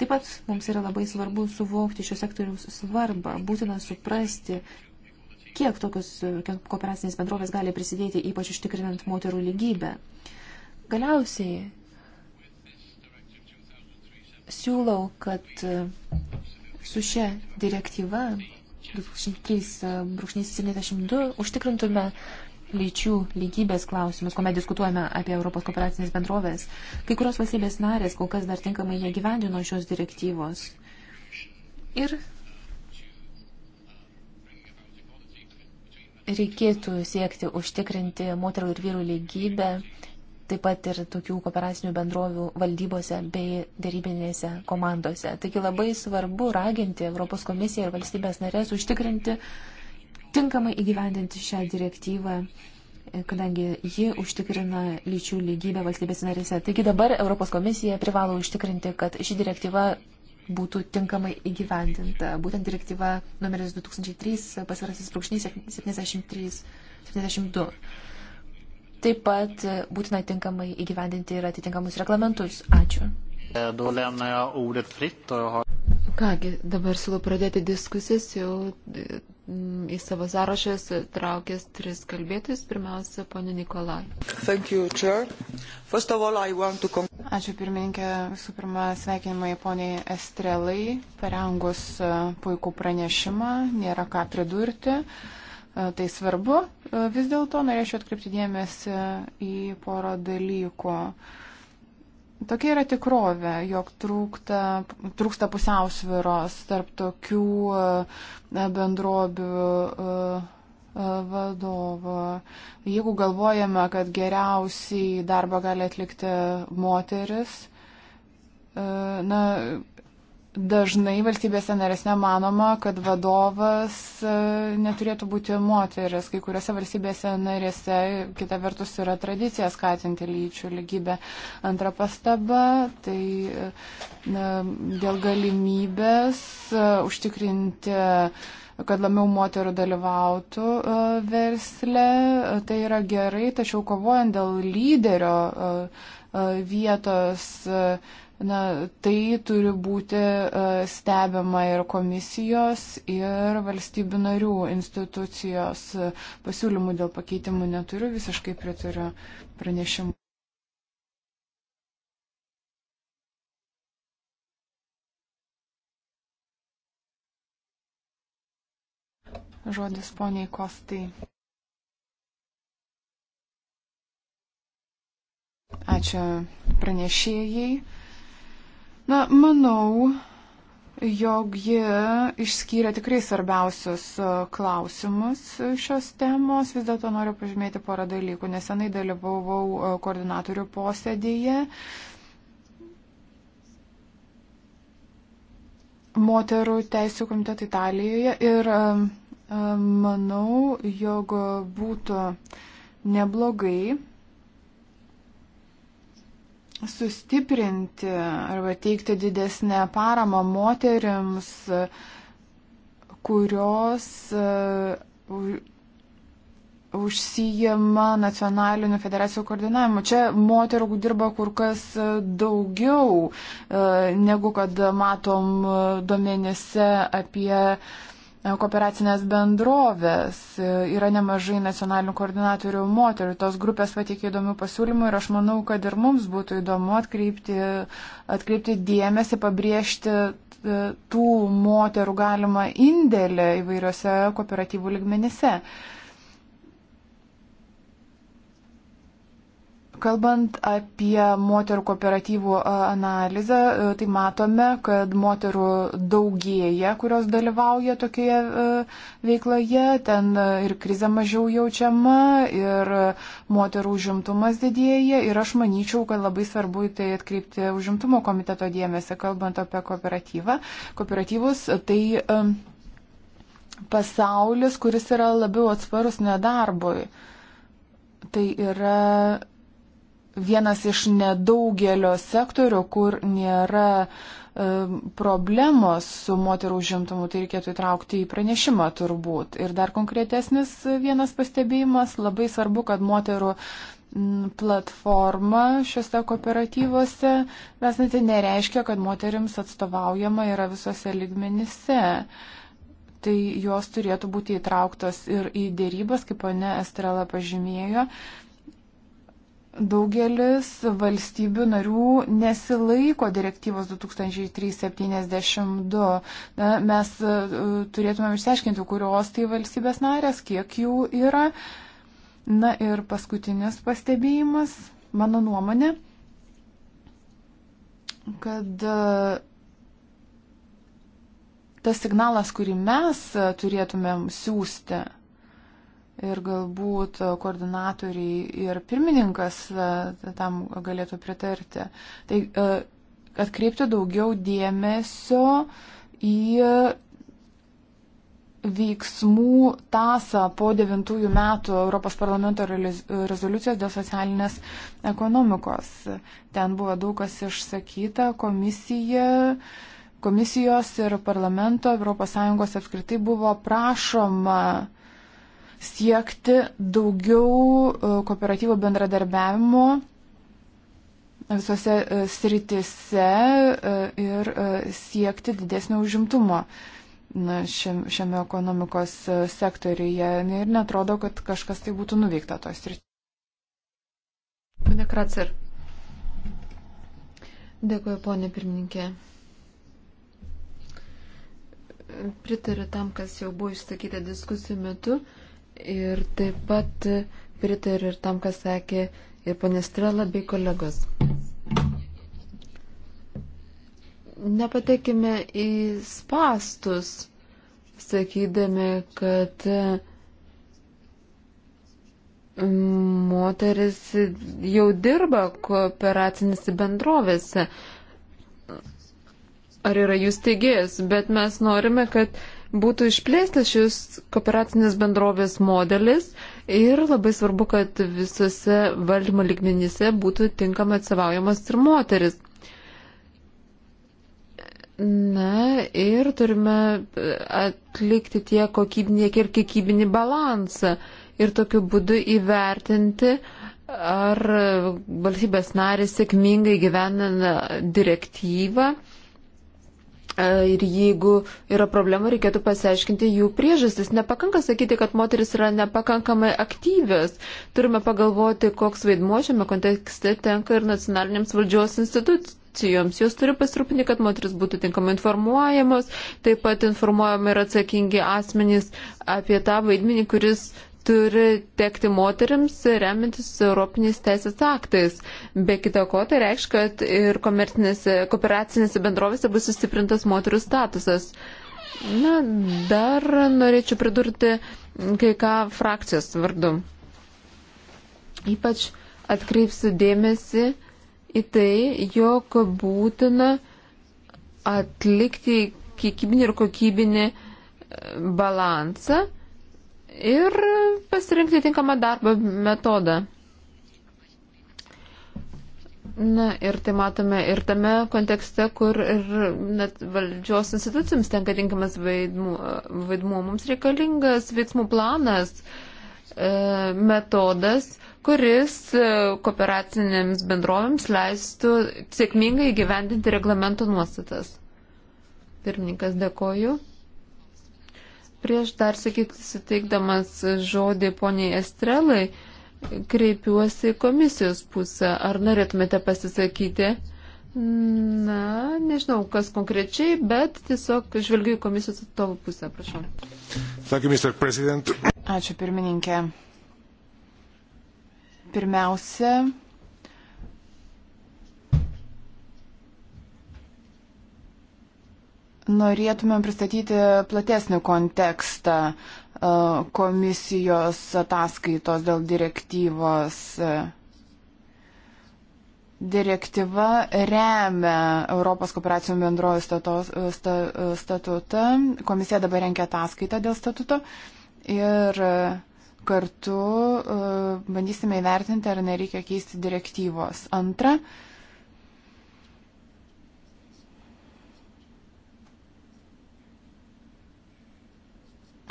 Taip pat mums yra labai svarbu suvokti šio sektoriaus svarbą, būtina suprasti, kiek tokios kooperacinės bendrovės gali prisidėti, ypač užtikrinant moterų lygybę. Galiausiai siūlau, kad su šia direktyva 2003-72 užtikrintume lyčių lygybės klausimus, kuomet diskutuojame apie Europos kooperacinės bendrovės, kai kurios valstybės narės kol kas dar tinkamai negyvendino šios direktyvos. Ir reikėtų siekti užtikrinti moterų ir vyrų lygybę, taip pat ir tokių kooperacinių bendrovių valdybose bei darybinėse komandose. Taigi labai svarbu raginti Europos komisiją ir valstybės narės užtikrinti tinkamai įgyvendinti šią direktyvą, kadangi ji užtikrina lyčių lygybę valstybės narėse. Taigi dabar Europos komisija privalo užtikrinti, kad ši direktyva būtų tinkamai įgyvendinta. Būtent direktyva numeris 2003, pasirasis brūkšnys 73, 72. Taip pat būtina tinkamai įgyvendinti ir atitinkamus reglamentus. Ačiū. Då lämnar jag ordet fritt och jag har... Kągi, dabar siūlau pradėti diskusijas, jau mm, į savo sąrašas traukės tris kalbėtojus. Pirmiausia, ponė Nikolai. You, all, to... Ačiū pirmininkė, visų pirma, sveikinimai poniai Estrelai, parengus e, puikų pranešimą, nėra ką pridurti. E, tai svarbu, e, vis dėlto norėčiau atkreipti dėmesį į porą dalykų. Uh, Tokia yra tikrovė, jog trūkta, trūksta pusiausviros tarp tokių e, bendrobių e, e, vadovų. Jeigu galvojame, kad geriausiai darbą gali atlikti moteris, na, Dažnai valstybėse narėse manoma, kad vadovas e, neturėtų būti moteris. Kai kuriuose valstybėse narėse kita vertus yra tradicija skatinti lyčių lygybę. Antra pastaba, tai e, na, dėl galimybės e, užtikrinti kad labiau moterų dalyvautų e, versle. Tai yra gerai, tačiau kovojant dėl lyderio e, e, vietos, na, tai turi būti stebima ir komisijos, ir valstybių narių institucijos pasiūlymų dėl pakeitimų neturiu, visiškai pritariu pranešimu. Žodis poniai Kostai. Ačiū pranešėjai. Na, manau, jog ji išskyrė tikrai svarbiausius e, klausimus šios temos. Vis dėlto noriu pažymėti porą dalykų. Nesenai dalyvavau e, koordinatorių posėdėje. Moterų teisų komitetų Italijoje ir um, Manau, jog būtų neblogai sustiprinti arba teikti didesnę paramą moteriams, kurios e, užsijama nacionalinių federacijų koordinavimu. Čia moterų dirba kur kas e, daugiau e, negu kad matom duomenėse apie E, kooperacinės bendrovės, e, yra nemažai nacionalinių koordinatorių moterių. Tos grupės pateikė įdomių pasiūlymų ir aš manau, kad ir mums būtų įdomu atkreipti, atkreipti dėmesį, pabrėžti e, tų moterų galimą indėlį įvairiose kooperatyvų ligmenyse. Uh, Kalbant apie moterų kooperatyvų analizę, tai matome, kad moterų daugėja, kurios dalyvauja tokioje veikloje, ten ir krize mažiau jaučiama, ir moterų užimtumas didėja. Ir aš manyčiau, kad labai svarbu tai atkreipti užimtumo komiteto dėmesį, kalbant apie kooperatyvą. Kooperatyvus tai pasaulis, kuris yra labiau atsparus nedarbui. Tai yra vienas iš nedaugelio sektorių, kur nėra e, problemos su moterų užimtumu, tai reikėtų įtraukti į pranešimą turbūt. Ir dar konkretesnis vienas pastebėjimas, labai svarbu, kad moterų platforma šiuose kooperatyvose, mes net tai nereiškia, kad moteriams atstovaujama yra visose ligmenyse. Tai jos turėtų būti įtrauktos ir į dėrybas, kaip pane Estrela pažymėjo. Uh, Daugelis valstybių narių nesilaiko direktyvos 2372. Na, mes e, turėtumėm išsiaiškinti, kurios tai valstybės narės, kiek jų yra. Na ir paskutinis pastebėjimas, mano nuomonė, kad e, tas signalas, kurį mes e, turėtumėm siūsti, ir galbūt koordinatoriai ir pirmininkas e, tam galėtų pritarti. Tai e, atkreipti daugiau dėmesio į veiksmų tasą po devintųjų metų Europos parlamento rezoliucijos dėl socialinės ekonomikos. Ten buvo daug kas išsakyta, komisija, komisijos ir parlamento ES apskritai buvo prašoma uh, siekti daugiau e, kooperatyvo bendradarbiavimo visose e, sritise e, ir siekti didesnio užimtumo na, šiam, šiame ekonomikos sektoriuje. Ir netrodo, kad kažkas tai būtų nuveikta tos srityje. Pane Kratzer. Dėkuoju, ponė pirmininkė. Pritariu tam, kas jau buvo išsakyta diskusijų metu. Ir taip pat pritariu ir tam, kas sakė ir panestrela bei kolegos. Nepatekime į spastus, sakydami, kad mm, moteris jau dirba kooperacinėse bendrovėse. Ar yra jūs teigėjas, bet mes norime, kad būtų išplėstas šis kooperacinės bendrovės modelis ir labai svarbu, kad visose valdymo ligmenyse būtų tinkamai atsivaujamas ir moteris. Na ir turime e, atlikti tiek kokybinį, tiek ir kiekybinį balansą ir tokiu būdu įvertinti, ar valstybės narės sėkmingai gyvena direktyvą E, ir jeigu yra problema, reikėtų pasiaiškinti jų priežastis. Nepakanka sakyti, kad moteris yra nepakankamai aktyvios. Turime pagalvoti, koks vaidmuo šiame kontekste tenka ir nacionaliniams valdžios institucijoms. Jos turi pasirūpinti, kad moteris būtų tinkamai informuojamos, taip pat informuojami ir atsakingi asmenys apie tą vaidmenį, kuris turi tekti moteriams remintis Europiniais teisės aktais. Be kita ko, tai reikš, kad ir kooperacinėse bendrovėse bus sustiprintas moterų statusas. Na, dar norėčiau pridurti kai ką frakcijos vardu. Ypač atkreipsiu dėmesį į tai, jog būtina atlikti kiekybinį ir kokybinį balansą ir pasirinkti tinkamą darbo metodą. Na ir tai matome ir tame kontekste, kur ir net valdžios institucijams tenka tinkamas vaidmuo. Mums reikalingas veiksmų planas, e, metodas, kuris e, kooperacinėms bendrovėms leistų sėkmingai gyvendinti reglamento nuostatas. Pirmininkas, dėkoju. Prieš dar sakyti, suteikdamas žodį poniai Estrelai, kreipiuosi komisijos pusę. Ar norėtumėte pasisakyti? Na, nežinau, kas konkrečiai, bet tiesiog žvelgiu į komisijos atstovų pusę, prašau. Thank you, Mr. President. Ačiū, pirmininkė. Pirmiausia, norėtumėm pristatyti platesnį kontekstą e, komisijos ataskaitos dėl direktyvos. Direktyva remia Europos kooperacijų bendrojų sta, statutą. Komisija dabar renkia ataskaitą dėl statuto. Ir kartu e, bandysime įvertinti, ar nereikia keisti direktyvos. Antra, uh,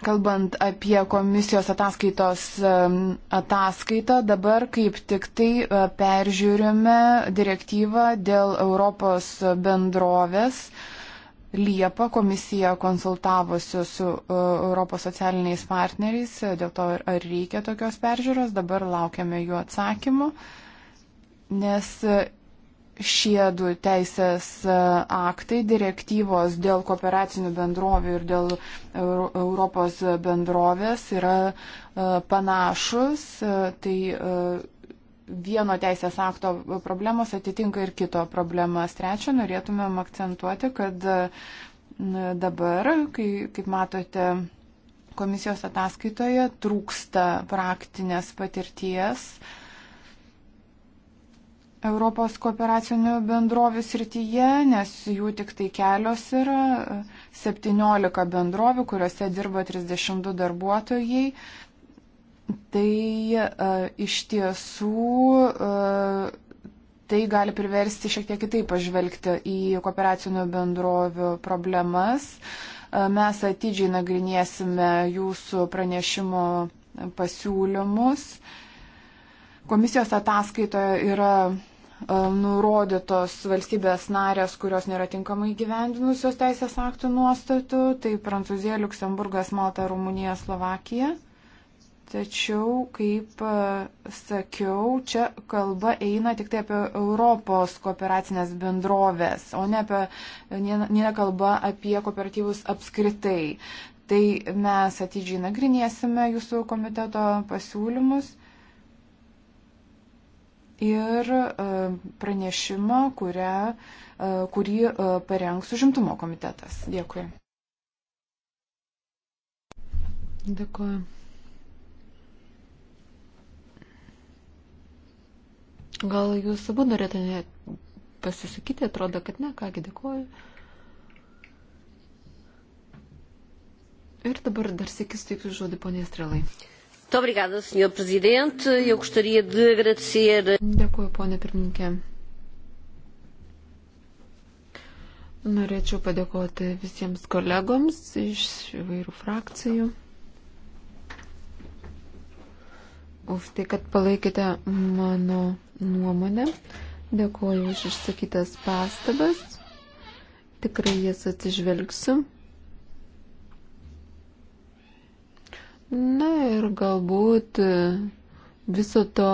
kalbant apie komisijos ataskaitos ataskaitą, dabar kaip tik tai e, peržiūrime direktyvą dėl Europos bendrovės. Liepa komisija konsultavosi su e, Europos socialiniais partneriais, e, dėl to ar reikia tokios peržiūros, dabar laukiame jų atsakymų, nes šie du teisės e, aktai, direktyvos dėl kooperacinių bendrovių ir dėl Europos bendrovės yra e, panašus. E, tai vieno teisės akto problemos atitinka ir kito problemas. Trečia, norėtumėm akcentuoti, kad dabar, kai, kaip matote, komisijos ataskaitoje trūksta praktinės patirties uh, Europos kooperacinių bendrovių srityje, nes jų tik tai kelios yra 17 bendrovių, kuriuose dirba 32 darbuotojai. Tai uh, iš tiesų uh, tai gali priversti šiek tiek kitaip pažvelgti į kooperacinių bendrovių problemas. Uh, mes atidžiai nagrinėsime jūsų pranešimo pasiūlymus. Uh, Komisijos ataskaitoje yra e, nurodytos valstybės narės, kurios nėra tinkamai gyvendinusios teisės aktų nuostatų, tai Prancūzija, Luksemburgas, Malta, Rumunija, Slovakija. Tačiau, kaip e, sakiau, čia kalba eina tik tai apie Europos kooperacinės bendrovės, o ne apie, nėra kalba apie kooperatyvus apskritai. Tai mes atidžiai nagrinėsime jūsų komiteto pasiūlymus ir e, pranešimo, kurią, e, kurį e, parengs užimtumo komitetas. Dėkui. Dėkuoju. Gal jūs abu norėtumėte pasisakyti, atrodo, kad ne, kągi dėkuoju. Ir dabar dar sėkis teiksiu žodį poniai Strelai. Muito obrigada, Sr. Presidente. Eu gostaria de agradecer. Dėkuoju, ponė pirmininkė. Norėčiau padėkoti visiems kolegoms iš įvairių frakcijų už tai, kad palaikėte mano nuomonę. Dėkuoju už išsakytas pastabas. Tikrai jas atsižvelgsiu. Na ir galbūt e, viso to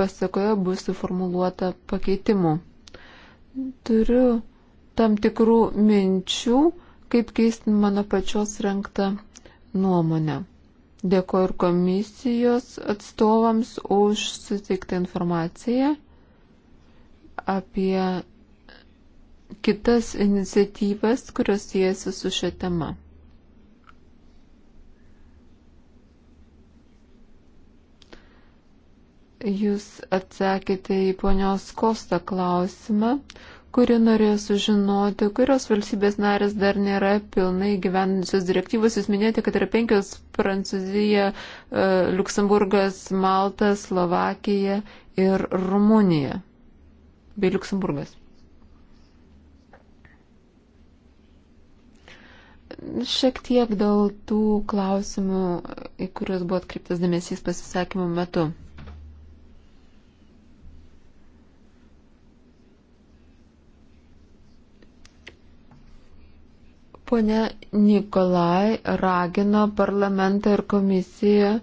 pasakoje bus suformuoluota pakeitimu. Turiu tam tikrų minčių, kaip keisti mano pačios renktą nuomonę. Dėkoju ir komisijos atstovams už suteiktą informaciją apie kitas iniciatyvas, kurios siejasi su šia tema. Jūs atsakėte į ponios Kostą klausimą, kuri norėjo sužinoti, kurios valstybės narės dar nėra pilnai gyvenančios direktyvos. Jūs minėjote, kad yra penkios - Prancūzija, e, Luksemburgas, Malta, Slovakija ir Rumunija. Bei Luksemburgas. Šiek tiek dėl tų klausimų, į kuriuos buvo atkreiptas dėmesys pasisakymų metu. Pone Nikolai ragino parlamentą ir komisiją e,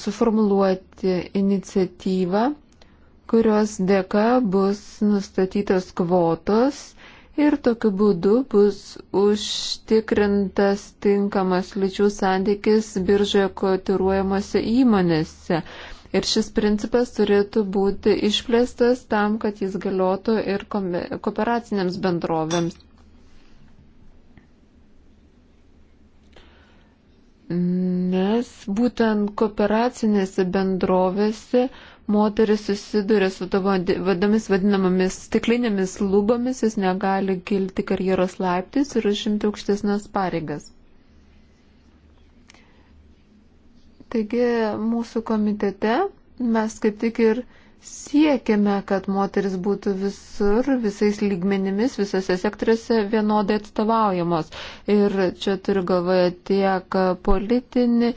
suformuluoti iniciatyvą, kurios dėka bus nustatytos kvotos ir tokiu būdu bus užtikrintas tinkamas lyčių santykis biržoje kotiruojamose įmonėse. Ir šis principas turėtų būti išplėstas tam, kad jis galiotų ir kooperacinėms bendrovėms. nes būtent kooperacinėse bendrovėse moteris susiduria su tavo vadomis vadinamomis stiklinėmis lubomis, jis negali kilti karjeros laiptais ir užimti aukštesnės pareigas. Taigi mūsų komitete mes kaip tik ir siekiame, kad moteris būtų visur, visais lygmenimis, visose sektoriuose vienodai atstovaujamos. Ir čia turiu galvoje tiek politinį,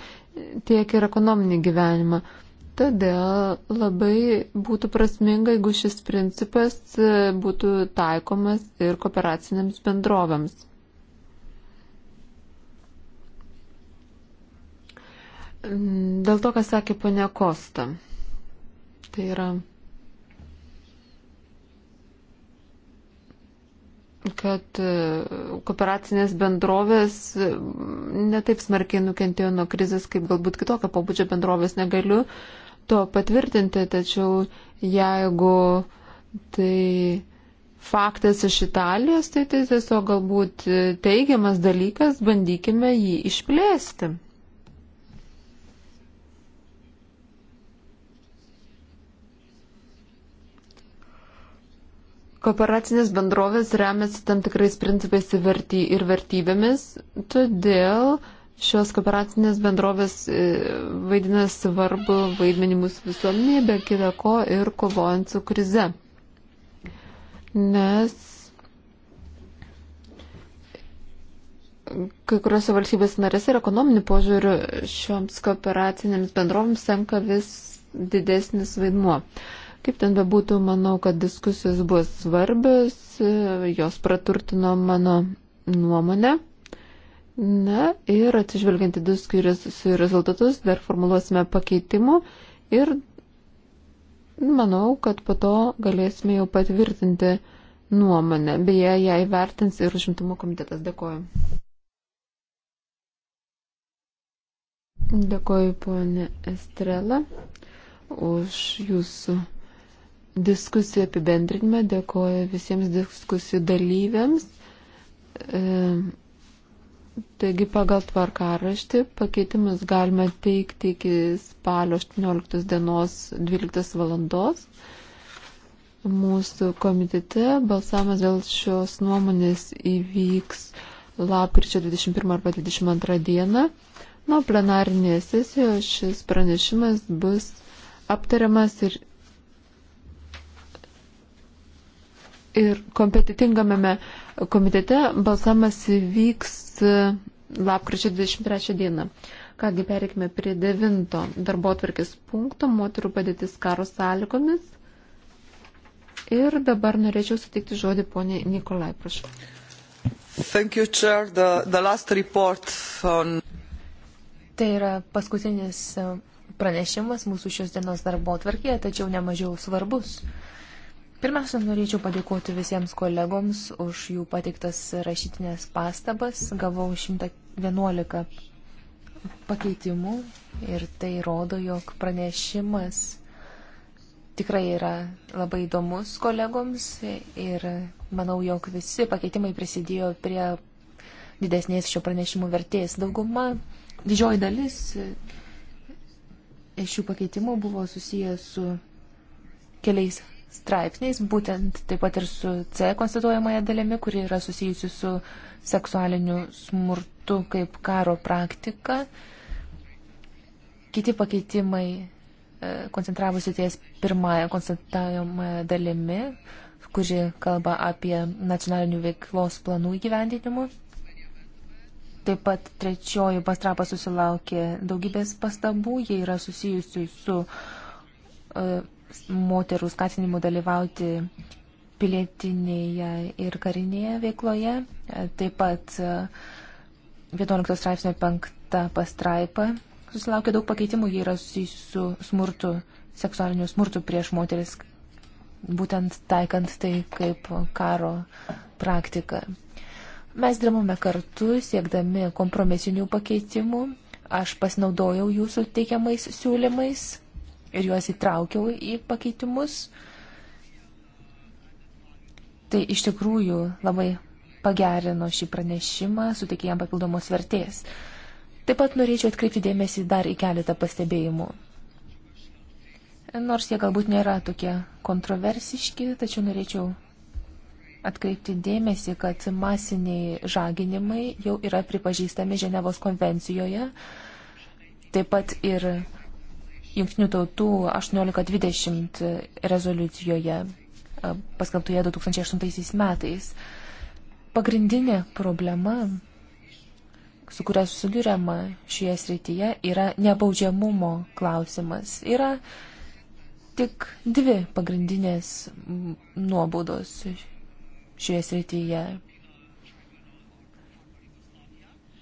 tiek ir ekonominį gyvenimą. Todėl labai būtų prasminga, jeigu šis principas e, būtų taikomas ir kooperacinėms bendrovėms. Dėl to, ką sakė ponia Kosta. Tai yra, kad e, kooperacinės bendrovės e, netaip smarkiai nukentėjo nuo krizės, kaip galbūt kitokio pobūdžio bendrovės negaliu to patvirtinti, tačiau jeigu tai faktas iš Italijos, tai tai tiesiog galbūt e, teigiamas dalykas, bandykime jį išplėsti. Kooperacinės bendrovės remiasi tam tikrais principais ir vertybėmis, todėl šios kooperacinės bendrovės e, vaidina svarbu vaidmenį mūsų visuomenėje, be kita ko ir kovojant su krize. Nes kai kuriuose valstybės narėse ir ekonominių požiūrių šioms kooperacinėms bendrovėms tenka vis didesnis vaidmuo. Uh, Kaip ten bebūtų, manau, kad diskusijos buvo svarbios, jos praturtino mano nuomonę. Na ir atsižvelgiant į diskusijų rezultatus, dar formuluosime pakeitimų ir manau, kad po to galėsime jau patvirtinti nuomonę. Beje, ją įvertins ir užimtumo komitetas. Dėkoju. Dėkoju, ponė Estrela, už jūsų diskusijų apibendrinimą. Dėkoju visiems diskusijų dalyviams. E, taigi pagal tvarkaraštį pakeitimus galima teikti iki spalio 18 dienos 12 valandos. Mūsų komitete balsavimas dėl šios nuomonės įvyks lapkričio 21 arba 22 dieną. Nuo plenarinėje sesijoje šis pranešimas bus aptariamas ir Ir kompetitingame komitete balsamas vyks lapkričio 23 dieną. Kągi pereikime prie devinto darbo atvarkės punkto - moterų padėtis karo sąlygomis. Ir dabar norėčiau sutikti žodį poniai Nikolai, prašau. Thank you, Chair. The, the last report on... Tai yra paskutinis pranešimas mūsų šios dienos darbo atvarkėje, tačiau nemažiau svarbus. Uh, Pirmiausia, norėčiau padėkoti visiems kolegoms už jų pateiktas rašytinės pastabas. Gavau 111 pakeitimų ir tai rodo, jog pranešimas tikrai yra labai įdomus kolegoms ir manau, jog visi pakeitimai prisidėjo prie didesnės šio pranešimų vertės. Dauguma, didžioji dalis šių pakeitimų buvo susijęs su keliais straipsniais, būtent taip pat ir su C konstatuojamoje dalimi, kuri yra susijusi su seksualiniu smurtu kaip karo praktika. Kiti pakeitimai e, koncentravusi ties pirmąją konstatuojamąją dalimi, kuri kalba apie nacionalinių veiklos planų įgyvendinimus. Taip pat trečioji pastrapa susilaukė daugybės pastabų, jie yra susijusi su uh, moterų skatinimu dalyvauti pilietinėje ir karinėje veikloje. Taip pat 11 e, straipsnio 5 pastraipa susilaukė daug pakeitimų, jie yra susijusi su smurtu, seksualiniu smurtu prieš moteris, būtent taikant tai kaip karo praktiką. Mes dirbame kartu, siekdami kompromisinių pakeitimų. Aš pasinaudojau jūsų teikiamais siūlymais ir juos įtraukiau į pakeitimus. Tai iš tikrųjų labai pagerino šį pranešimą, suteikė jam papildomos vertės. Taip pat norėčiau atkreipti dėmesį dar į keletą pastebėjimų. Nors jie galbūt nėra tokie kontroversiški, tačiau norėčiau atkreipti dėmesį, kad masiniai žaginimai jau yra pripažįstami Ženevos konvencijoje, taip pat ir Junktinių tautų 1820 rezoliucijoje e, paskelbtoje 2008 metais. Pagrindinė problema, su kuria susidurėma šioje srityje, yra nebaudžiamumo klausimas. Yra tik dvi pagrindinės nuobaudos šioje srityje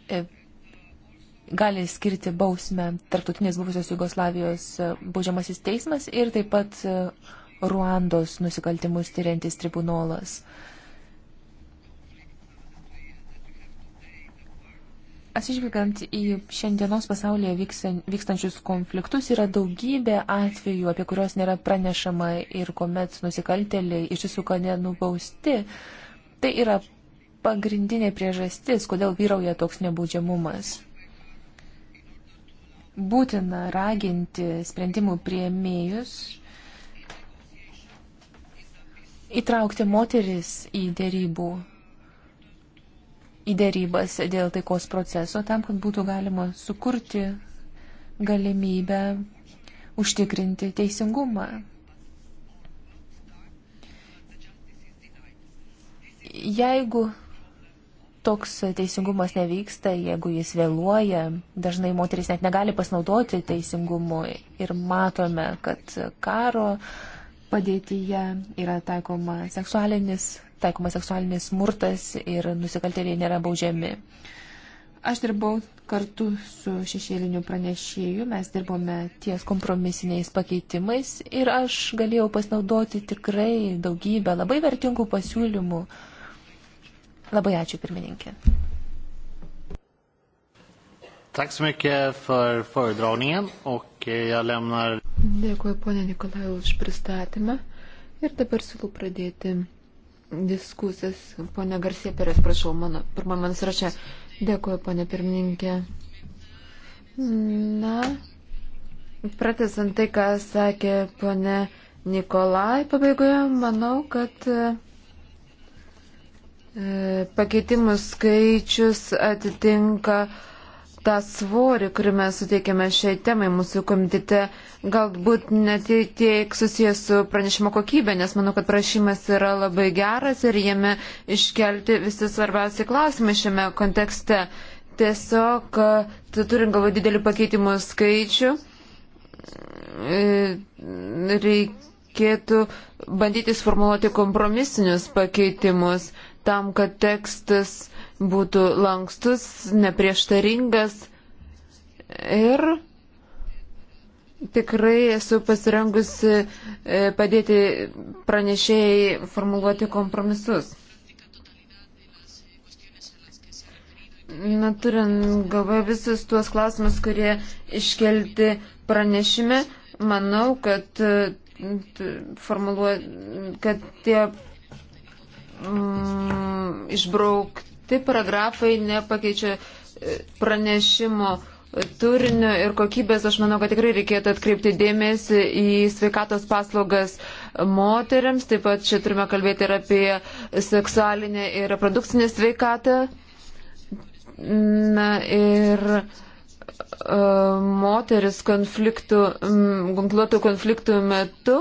e, gali skirti bausmę tarptautinės buvusios Jugoslavijos e, baudžiamasis teismas ir taip pat e, Ruandos nusikaltimus tyriantis tribunolas. Atsižvelgiant į šiandienos pasaulyje vykstančius konfliktus, yra daugybė atvejų, apie kuriuos nėra pranešama ir kuomet nusikaltėliai išsisuka nenubausti. Tai yra pagrindinė priežastis, kodėl vyrauja toks nebaudžiamumas būtina raginti sprendimų prieimėjus įtraukti moteris į dėrybų, į dėrybas dėl taikos proceso, tam, kad būtų galima sukurti galimybę užtikrinti teisingumą. Jeigu toks teisingumas nevyksta, jeigu jis vėluoja. Dažnai moteris net negali pasinaudoti teisingumu ir matome, kad karo padėtyje yra taikoma seksualinis, taikoma seksualinis smurtas ir nusikaltėliai nėra baudžiami. Aš dirbau kartu su šešėliniu pranešėju, mes dirbome ties kompromisiniais pakeitimais ir aš galėjau pasinaudoti tikrai daugybę labai vertingų pasiūlymų Labai ačiū pirmininkė. Tack så mycket för föredragningen och eh, jag lämnar... Dėkuoju ponė Nikolaju už pristatymą ir dabar siūlau pradėti diskusijas. Pone Garsė Perės, prašau, mano, pirmą man sračią. Dėkuoju ponė pirmininkė. Na, pratesant tai, ką sakė ponė Nikolai pabaigoje, manau, kad E, pakeitimų skaičius atitinka tą svorį, kurį mes suteikėme šiai temai mūsų komitete, galbūt net tiek susijęs su pranešimo kokybė, nes manau, kad prašymas yra labai geras ir jame iškelti visi svarbiausi klausimai šiame kontekste. Tiesiog, tu e, turim galvo didelį pakeitimų skaičių, e, reikėtų bandyti sformuoluoti kompromisinius pakeitimus tam, kad tekstas būtų lankstus, neprieštaringas. Ir tikrai esu pasirengusi e, padėti pranešėjai formuluoti kompromisus. Na, turint galvoje visus tuos klausimus, kurie iškelti pranešime, manau, kad, e, formuluo, kad tie mm, išbraukti paragrafai nepakeičia e, pranešimo turinio ir kokybės, aš manau, kad tikrai reikėtų atkreipti dėmesį į sveikatos paslaugas moteriams, taip pat čia turime kalbėti ir apie seksualinę ir reprodukcinę sveikatą. Na ir e, moteris konfliktų, ginkluotų konfliktų metu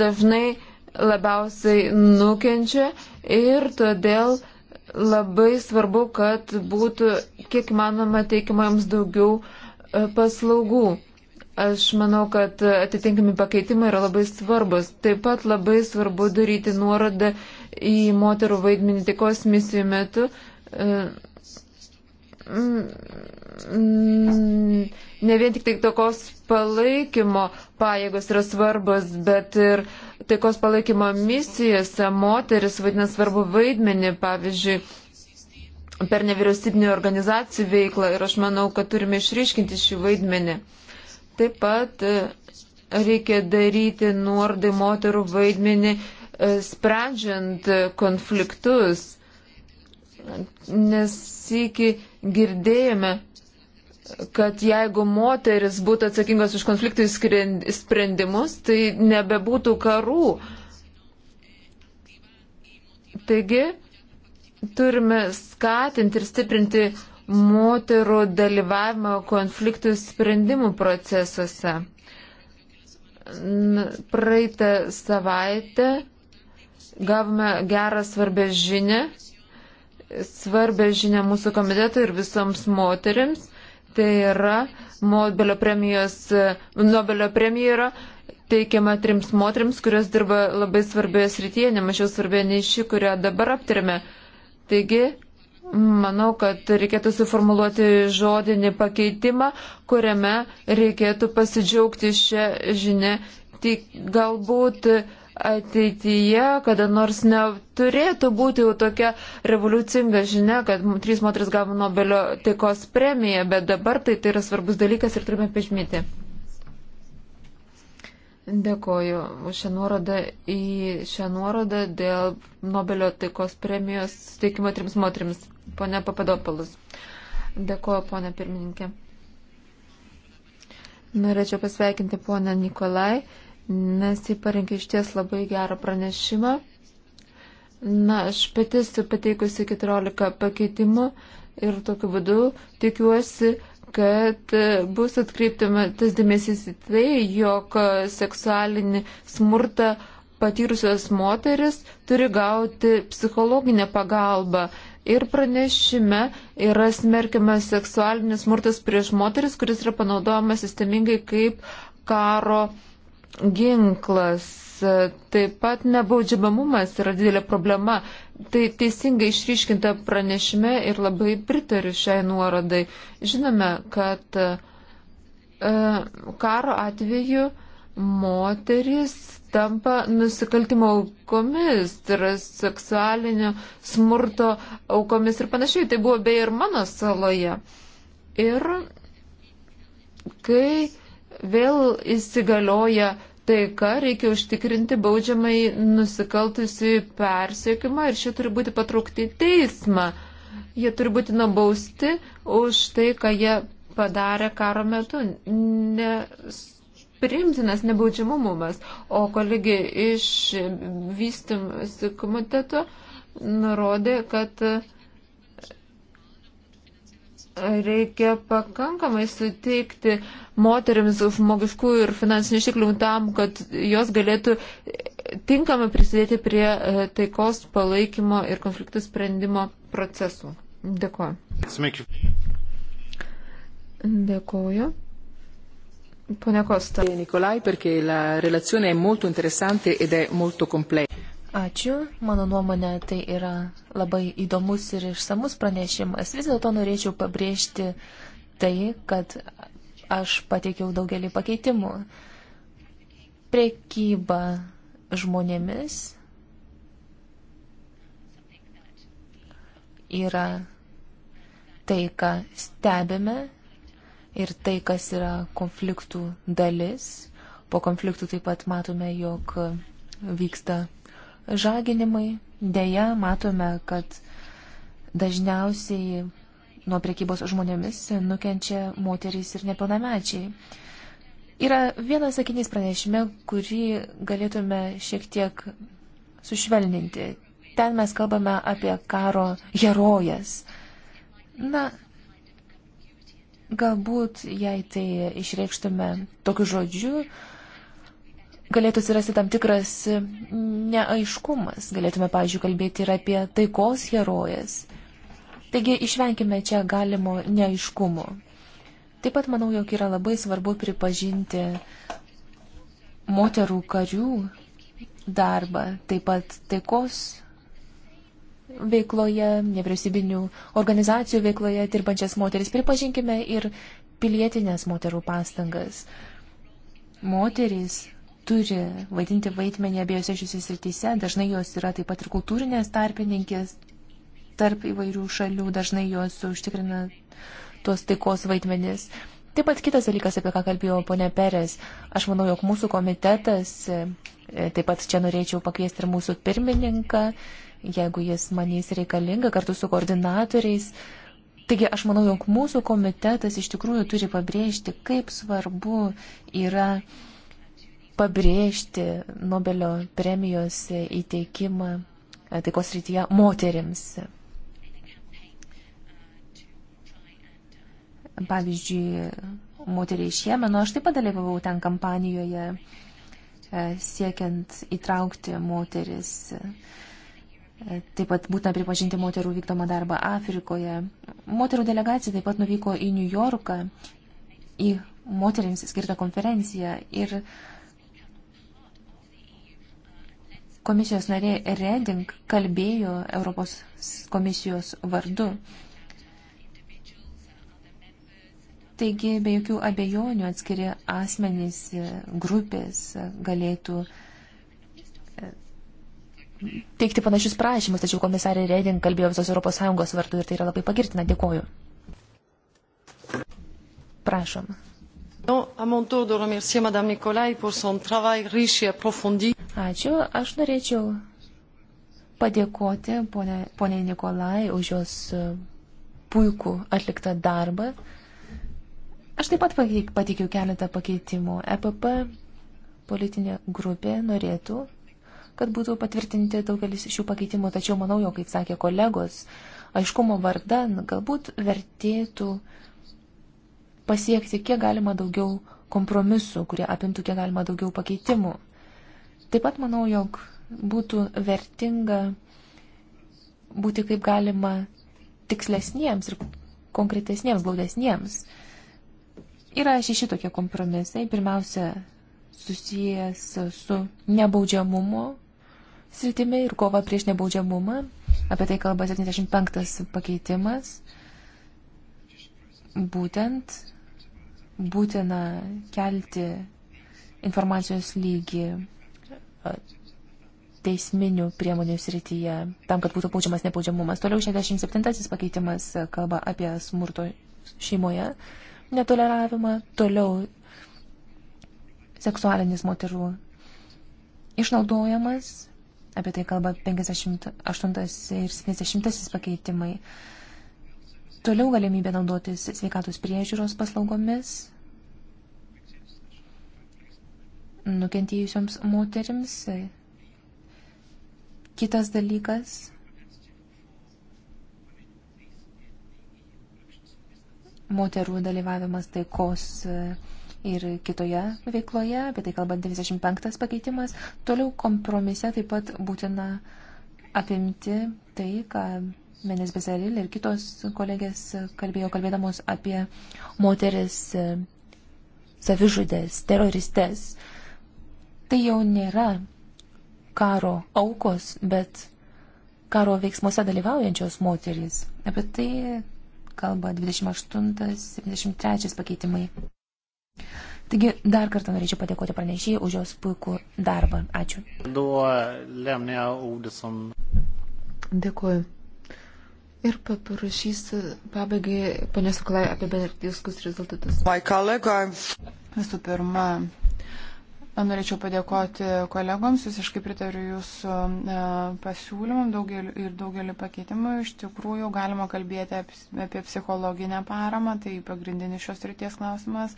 dažnai labiausiai nukenčia ir todėl labai svarbu, kad būtų kiek manoma teikima jums daugiau e, paslaugų. Aš manau, kad atitinkami pakeitimai yra labai svarbus. Taip pat labai svarbu daryti nuorodą į moterų vaidmenį tikos misijų metu. E, Mm, ne vien tik tai tokios palaikymo pajėgos yra svarbos, bet ir taikos palaikymo misijose moteris vaidina svarbu vaidmenį, pavyzdžiui, per nevyriausybinio organizacijų veiklą ir aš manau, kad turime išryškinti šį vaidmenį. Taip pat e, reikia daryti nuordai moterų vaidmenį, e, sprendžiant konfliktus, nes iki girdėjome kad jeigu moteris būtų atsakingos už konfliktų sprendimus, tai nebebūtų karų. Taigi, turime skatinti ir stiprinti moterų dalyvavimą konfliktų sprendimų procesuose. Praeitą savaitę gavome gerą svarbę žinę, svarbę žinę mūsų komitetui ir visoms moteriams Tai yra, Nobelio, premijos, Nobelio premija yra teikiama trims moteriams, kurios dirba labai svarbioje srityje, nemažiau svarbioje nei ši, kurią dabar aptarėme. Taigi, Manau, kad reikėtų suformuluoti žodinį pakeitimą, kuriame reikėtų pasidžiaugti šią žinę. Tik galbūt uh, ateityje, kada nors neturėtų būti jau tokia revoliucinga žinia, kad trys moteris gavo Nobelio taikos premiją, bet dabar tai, tai yra svarbus dalykas ir turime pažymėti. Dėkoju už šią nuorodą į šią nuorodą dėl Nobelio taikos premijos suteikimo trims moterims. Pone Papadopoulos. Dėkoju, pone pirmininkė. Norėčiau pasveikinti ponę Nikolai nes jį parinkė iš ties labai gerą pranešimą. Na, aš pati esu pateikusi 14 pakeitimų ir tokiu būdu tikiuosi, kad e, bus atkreiptama tas dėmesys į tai, jog seksualinį smurtą patyrusios moteris turi gauti psichologinę pagalbą. Ir pranešime yra smerkiamas seksualinis smurtas prieš moteris, kuris yra panaudojamas sistemingai kaip karo uh, ginklas, taip pat nebaudžiamumas yra didelė problema. Tai teisingai išryškinta pranešime ir labai pritariu šiai nuorodai. Žinome, kad e, karo atveju moteris tampa nusikaltimo aukomis, tai yra seksualinio smurto aukomis ir panašiai. Tai buvo beje ir mano saloje. Ir kai vėl įsigalioja taika, reikia užtikrinti baudžiamai nusikaltusių persiekimą ir šie turi būti patraukti į teismą. Jie turi būti nubausti už tai, ką jie padarė karo metu. Neprimtinas nebaudžiamumas. O kolegė iš vystymosi komiteto nurodė, kad uh, reikia pakankamai suteikti moteriams žmogiškų ir finansinių išteklių tam, kad jos galėtų tinkamai prisidėti prie e, taikos palaikymo ir konfliktų sprendimo procesų. Dėkuoju. Dėkuoju. Pone Kosta. Nikolai, perché la relazione è molto interessante ed è molto complessa. Ačiū. Mano nuomonė, tai yra labai įdomus ir išsamus pranešimas. Vis dėlto norėčiau pabrėžti tai, kad aš pateikiau daugelį pakeitimų. Prekyba žmonėmis yra tai, ką stebime ir tai, kas yra konfliktų dalis. Po konfliktų taip pat matome, jog vyksta žaginimai. Deja, matome, kad dažniausiai nuo priekybos žmonėmis nukenčia moterys ir nepilnamečiai. Yra vienas sakinys pranešime, kurį galėtume šiek tiek sušvelninti. Ten mes kalbame apie karo herojas. Na, galbūt, jei tai išreikštume tokiu žodžiu, galėtų atsirasti tam tikras mm, neaiškumas. Galėtume, pavyzdžiui, kalbėti ir apie taikos herojas. Taigi išvenkime čia galimo neaiškumo. Taip pat manau, jog yra labai svarbu pripažinti moterų karių darbą, taip pat taikos veikloje, nevyriausybinių organizacijų veikloje dirbančias moteris. Pripažinkime ir pilietinės moterų pastangas. Moterys turi vaidinti vaidmenį abiejose šiuose srityse. Dažnai jos yra taip pat ir kultūrinės tarpininkės tarp įvairių šalių, dažnai jos užtikrina tuos taikos vaidmenis. Taip pat kitas dalykas, apie ką kalbėjo ponė Perės, aš manau, jog mūsų komitetas, e, taip pat čia norėčiau pakviesti ir mūsų pirmininką, jeigu jis manys reikalinga, kartu su koordinatoriais. Taigi aš manau, jog mūsų komitetas iš tikrųjų turi pabrėžti, kaip svarbu yra pabrėžti Nobelio premijos įteikimą e, taikos rytyje moterims. Pavyzdžiui, moteriai iš Jemeno, nu, aš taip pat dalyvavau ten kampanijoje e, siekiant įtraukti moteris. E, taip pat būtina pripažinti moterų vykdomą darbą Afrikoje. Moterų delegacija taip pat nuvyko į Niujorką, į moteriams skirtą konferenciją ir uh, Komisijos narė Reding kalbėjo Europos komisijos vardu. Taigi, be jokių abejonių atskiri asmenys, grupės galėtų e, teikti panašius prašymus, tačiau komisarė Redin kalbėjo visos ES vardu ir tai yra labai pagirtina. Dėkoju. Prašom. Non, à mon tour de remercier Madame Nicolai pour son travail riche et approfondi. Ačiū. Aš norėčiau padėkoti poniai Nikolai už jos e, puikų atliktą darbą. Aš taip pat pateikiau keletą pakeitimų. EPP politinė grupė norėtų, kad būtų patvirtinti daugelis šių pakeitimų, tačiau manau, jau kaip sakė kolegos, aiškumo vardan galbūt vertėtų pasiekti kiek galima daugiau kompromisų, kurie apimtų kiek galima daugiau pakeitimų. Taip pat manau, jog būtų vertinga būti kaip galima tikslesniems ir konkretesniems, glaudesniems. Yra šeši tokie kompromisai. Pirmiausia, susijęs su nebaudžiamumu sritimi ir kova prieš nebaudžiamumą. Apie tai kalba 75 pakeitimas. Būtent būtina kelti informacijos lygį teisminių priemonių srityje, tam, kad būtų paučiamas nepaudžiamumas. Toliau 67 pakeitimas kalba apie smurto šeimoje netoleravimą, toliau seksualinis moterų išnaudojamas, apie tai kalba 58 ir 70 pakeitimai. Toliau galimybė naudotis sveikatos priežiūros paslaugomis, nukentėjusioms moterims. Kitas dalykas. Moterų dalyvavimas taikos ir kitoje veikloje, apie tai kalba 95 pakeitimas. Toliau kompromise taip pat būtina apimti tai, ką Menes Bezeril ir kitos kolegės kalbėjo, kalbėdamos apie moteris savižudės, teroristės. Tai jau nėra karo aukos, bet karo veiksmuose dalyvaujančios moterys. Apie tai kalba 28-73 pakeitimai. Taigi dar kartą norėčiau padėkoti pranešėjai už jos puikų darbą. Ačiū. Dėkuoju. Ir paprašysiu pabaigai, ponės Suklai, apie bendrą diskusijos rezultatus. Visų pirma, Norėčiau padėkoti kolegoms, visiškai pritariu jūsų e, pasiūlymam daugelį, ir daugelį pakeitimų. Iš tikrųjų, galima kalbėti apie psichologinę paramą, tai pagrindinis šios ryties klausimas.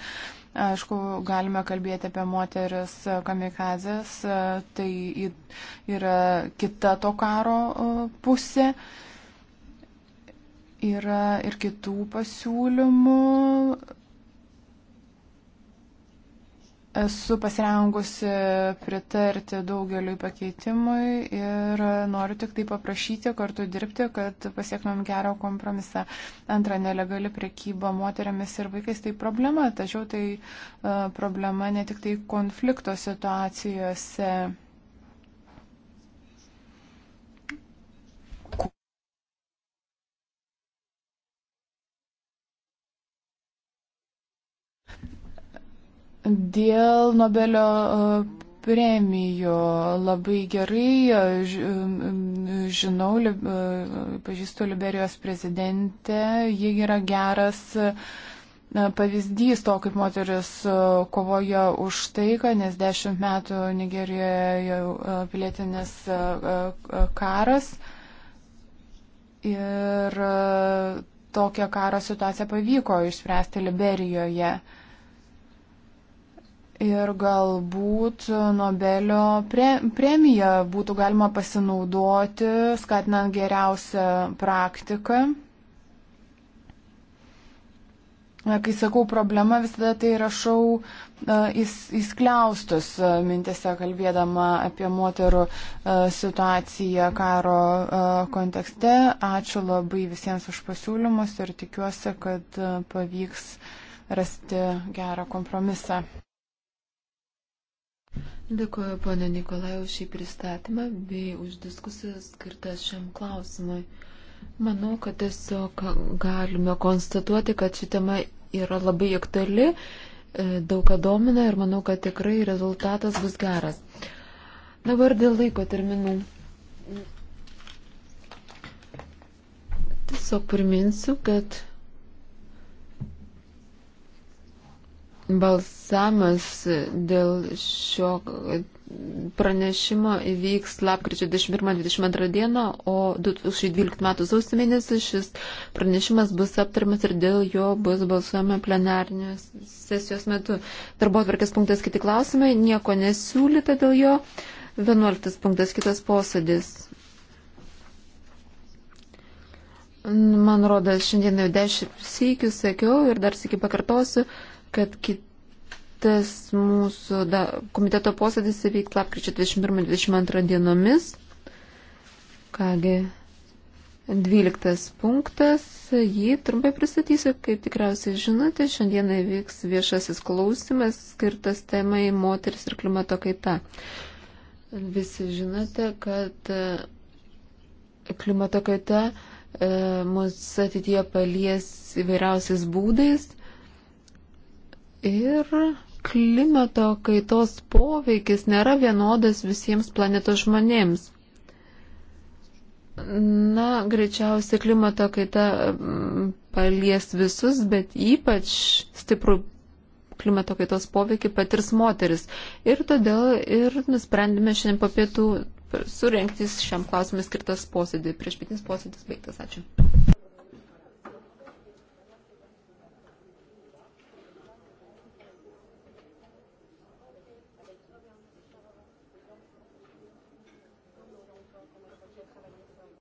Aišku, galime kalbėti apie moteris kamikazės, e, tai yra kita to karo e, pusė. Yra ir kitų pasiūlymų Esu pasirengusi pritarti daugeliu pakeitimui ir noriu tik tai paprašyti kartu dirbti, kad pasiektumėm gerą kompromisą. Antra, nelegali prekyba moteriamis ir vaikais tai problema, tačiau tai e, problema ne tik tai konflikto situacijose Dėl Nobelio e, premijų labai gerai e, e, žinau, pažįstu Liberijos prezidentę, ji yra geras pavyzdys to, kaip moteris kovoja už taiką, nes dešimt metų Nigerijoje pilietinis karas. Ir tokią karo situaciją pavyko išspręsti Liberijoje. Ir galbūt Nobelio pre, premiją būtų galima pasinaudoti, skatinant geriausią praktiką. Kai sakau problema, visada tai rašau e, įskliaustus e, mintėse kalbėdama apie moterų e, situaciją karo kontekste. Ačiū labai visiems už pasiūlymus ir tikiuosi, kad pavyks rasti gerą kompromisą. Dėkuoju, ponė Nikolai, už šį pristatymą bei už diskusijas skirtas šiam klausimui. Manau, kad tiesiog galime konstatuoti, kad ši tema yra labai aktuali, e, daug ką domina ir manau, kad tikrai rezultatas bus geras. Dabar dėl laiko terminų. Tiesiog priminsiu, kad Balsamas dėl šio pranešimo įvyks lapkričio 21-22 dieną, o 2012 m. sausio mėnesį šis pranešimas bus aptarimas ir dėl jo bus balsuojama plenarnios sesijos metu. Darbo atvarkės punktas kiti klausimai, nieko nesiūlyta dėl jo. 11 punktas kitas posėdis. Man rodas, šiandien jau dešimt sykių sakiau ir dar sėki pakartosiu kad kitas mūsų da, komiteto posėdis įvyks lapkričio 21-22 dienomis. Kągi, 12 punktas, jį trumpai pristatysiu, kaip tikriausiai žinote, šiandieną įvyks viešasis klausimas skirtas temai moteris ir klimato kaita. Visi žinote, kad e, klimato kaita e, mus ateityje palies įvairiausiais būdais Ir klimato kaitos poveikis nėra vienodas visiems planetos žmonėms. Na, greičiausiai klimato kaita mm, palies visus, bet ypač stiprų klimato kaitos poveikį patirs moteris. Ir todėl ir nusprendėme šiandien papietų surenktis šiam klausimui skirtas posėdį. Prieš pietinis posėdis baigtas. Ačiū.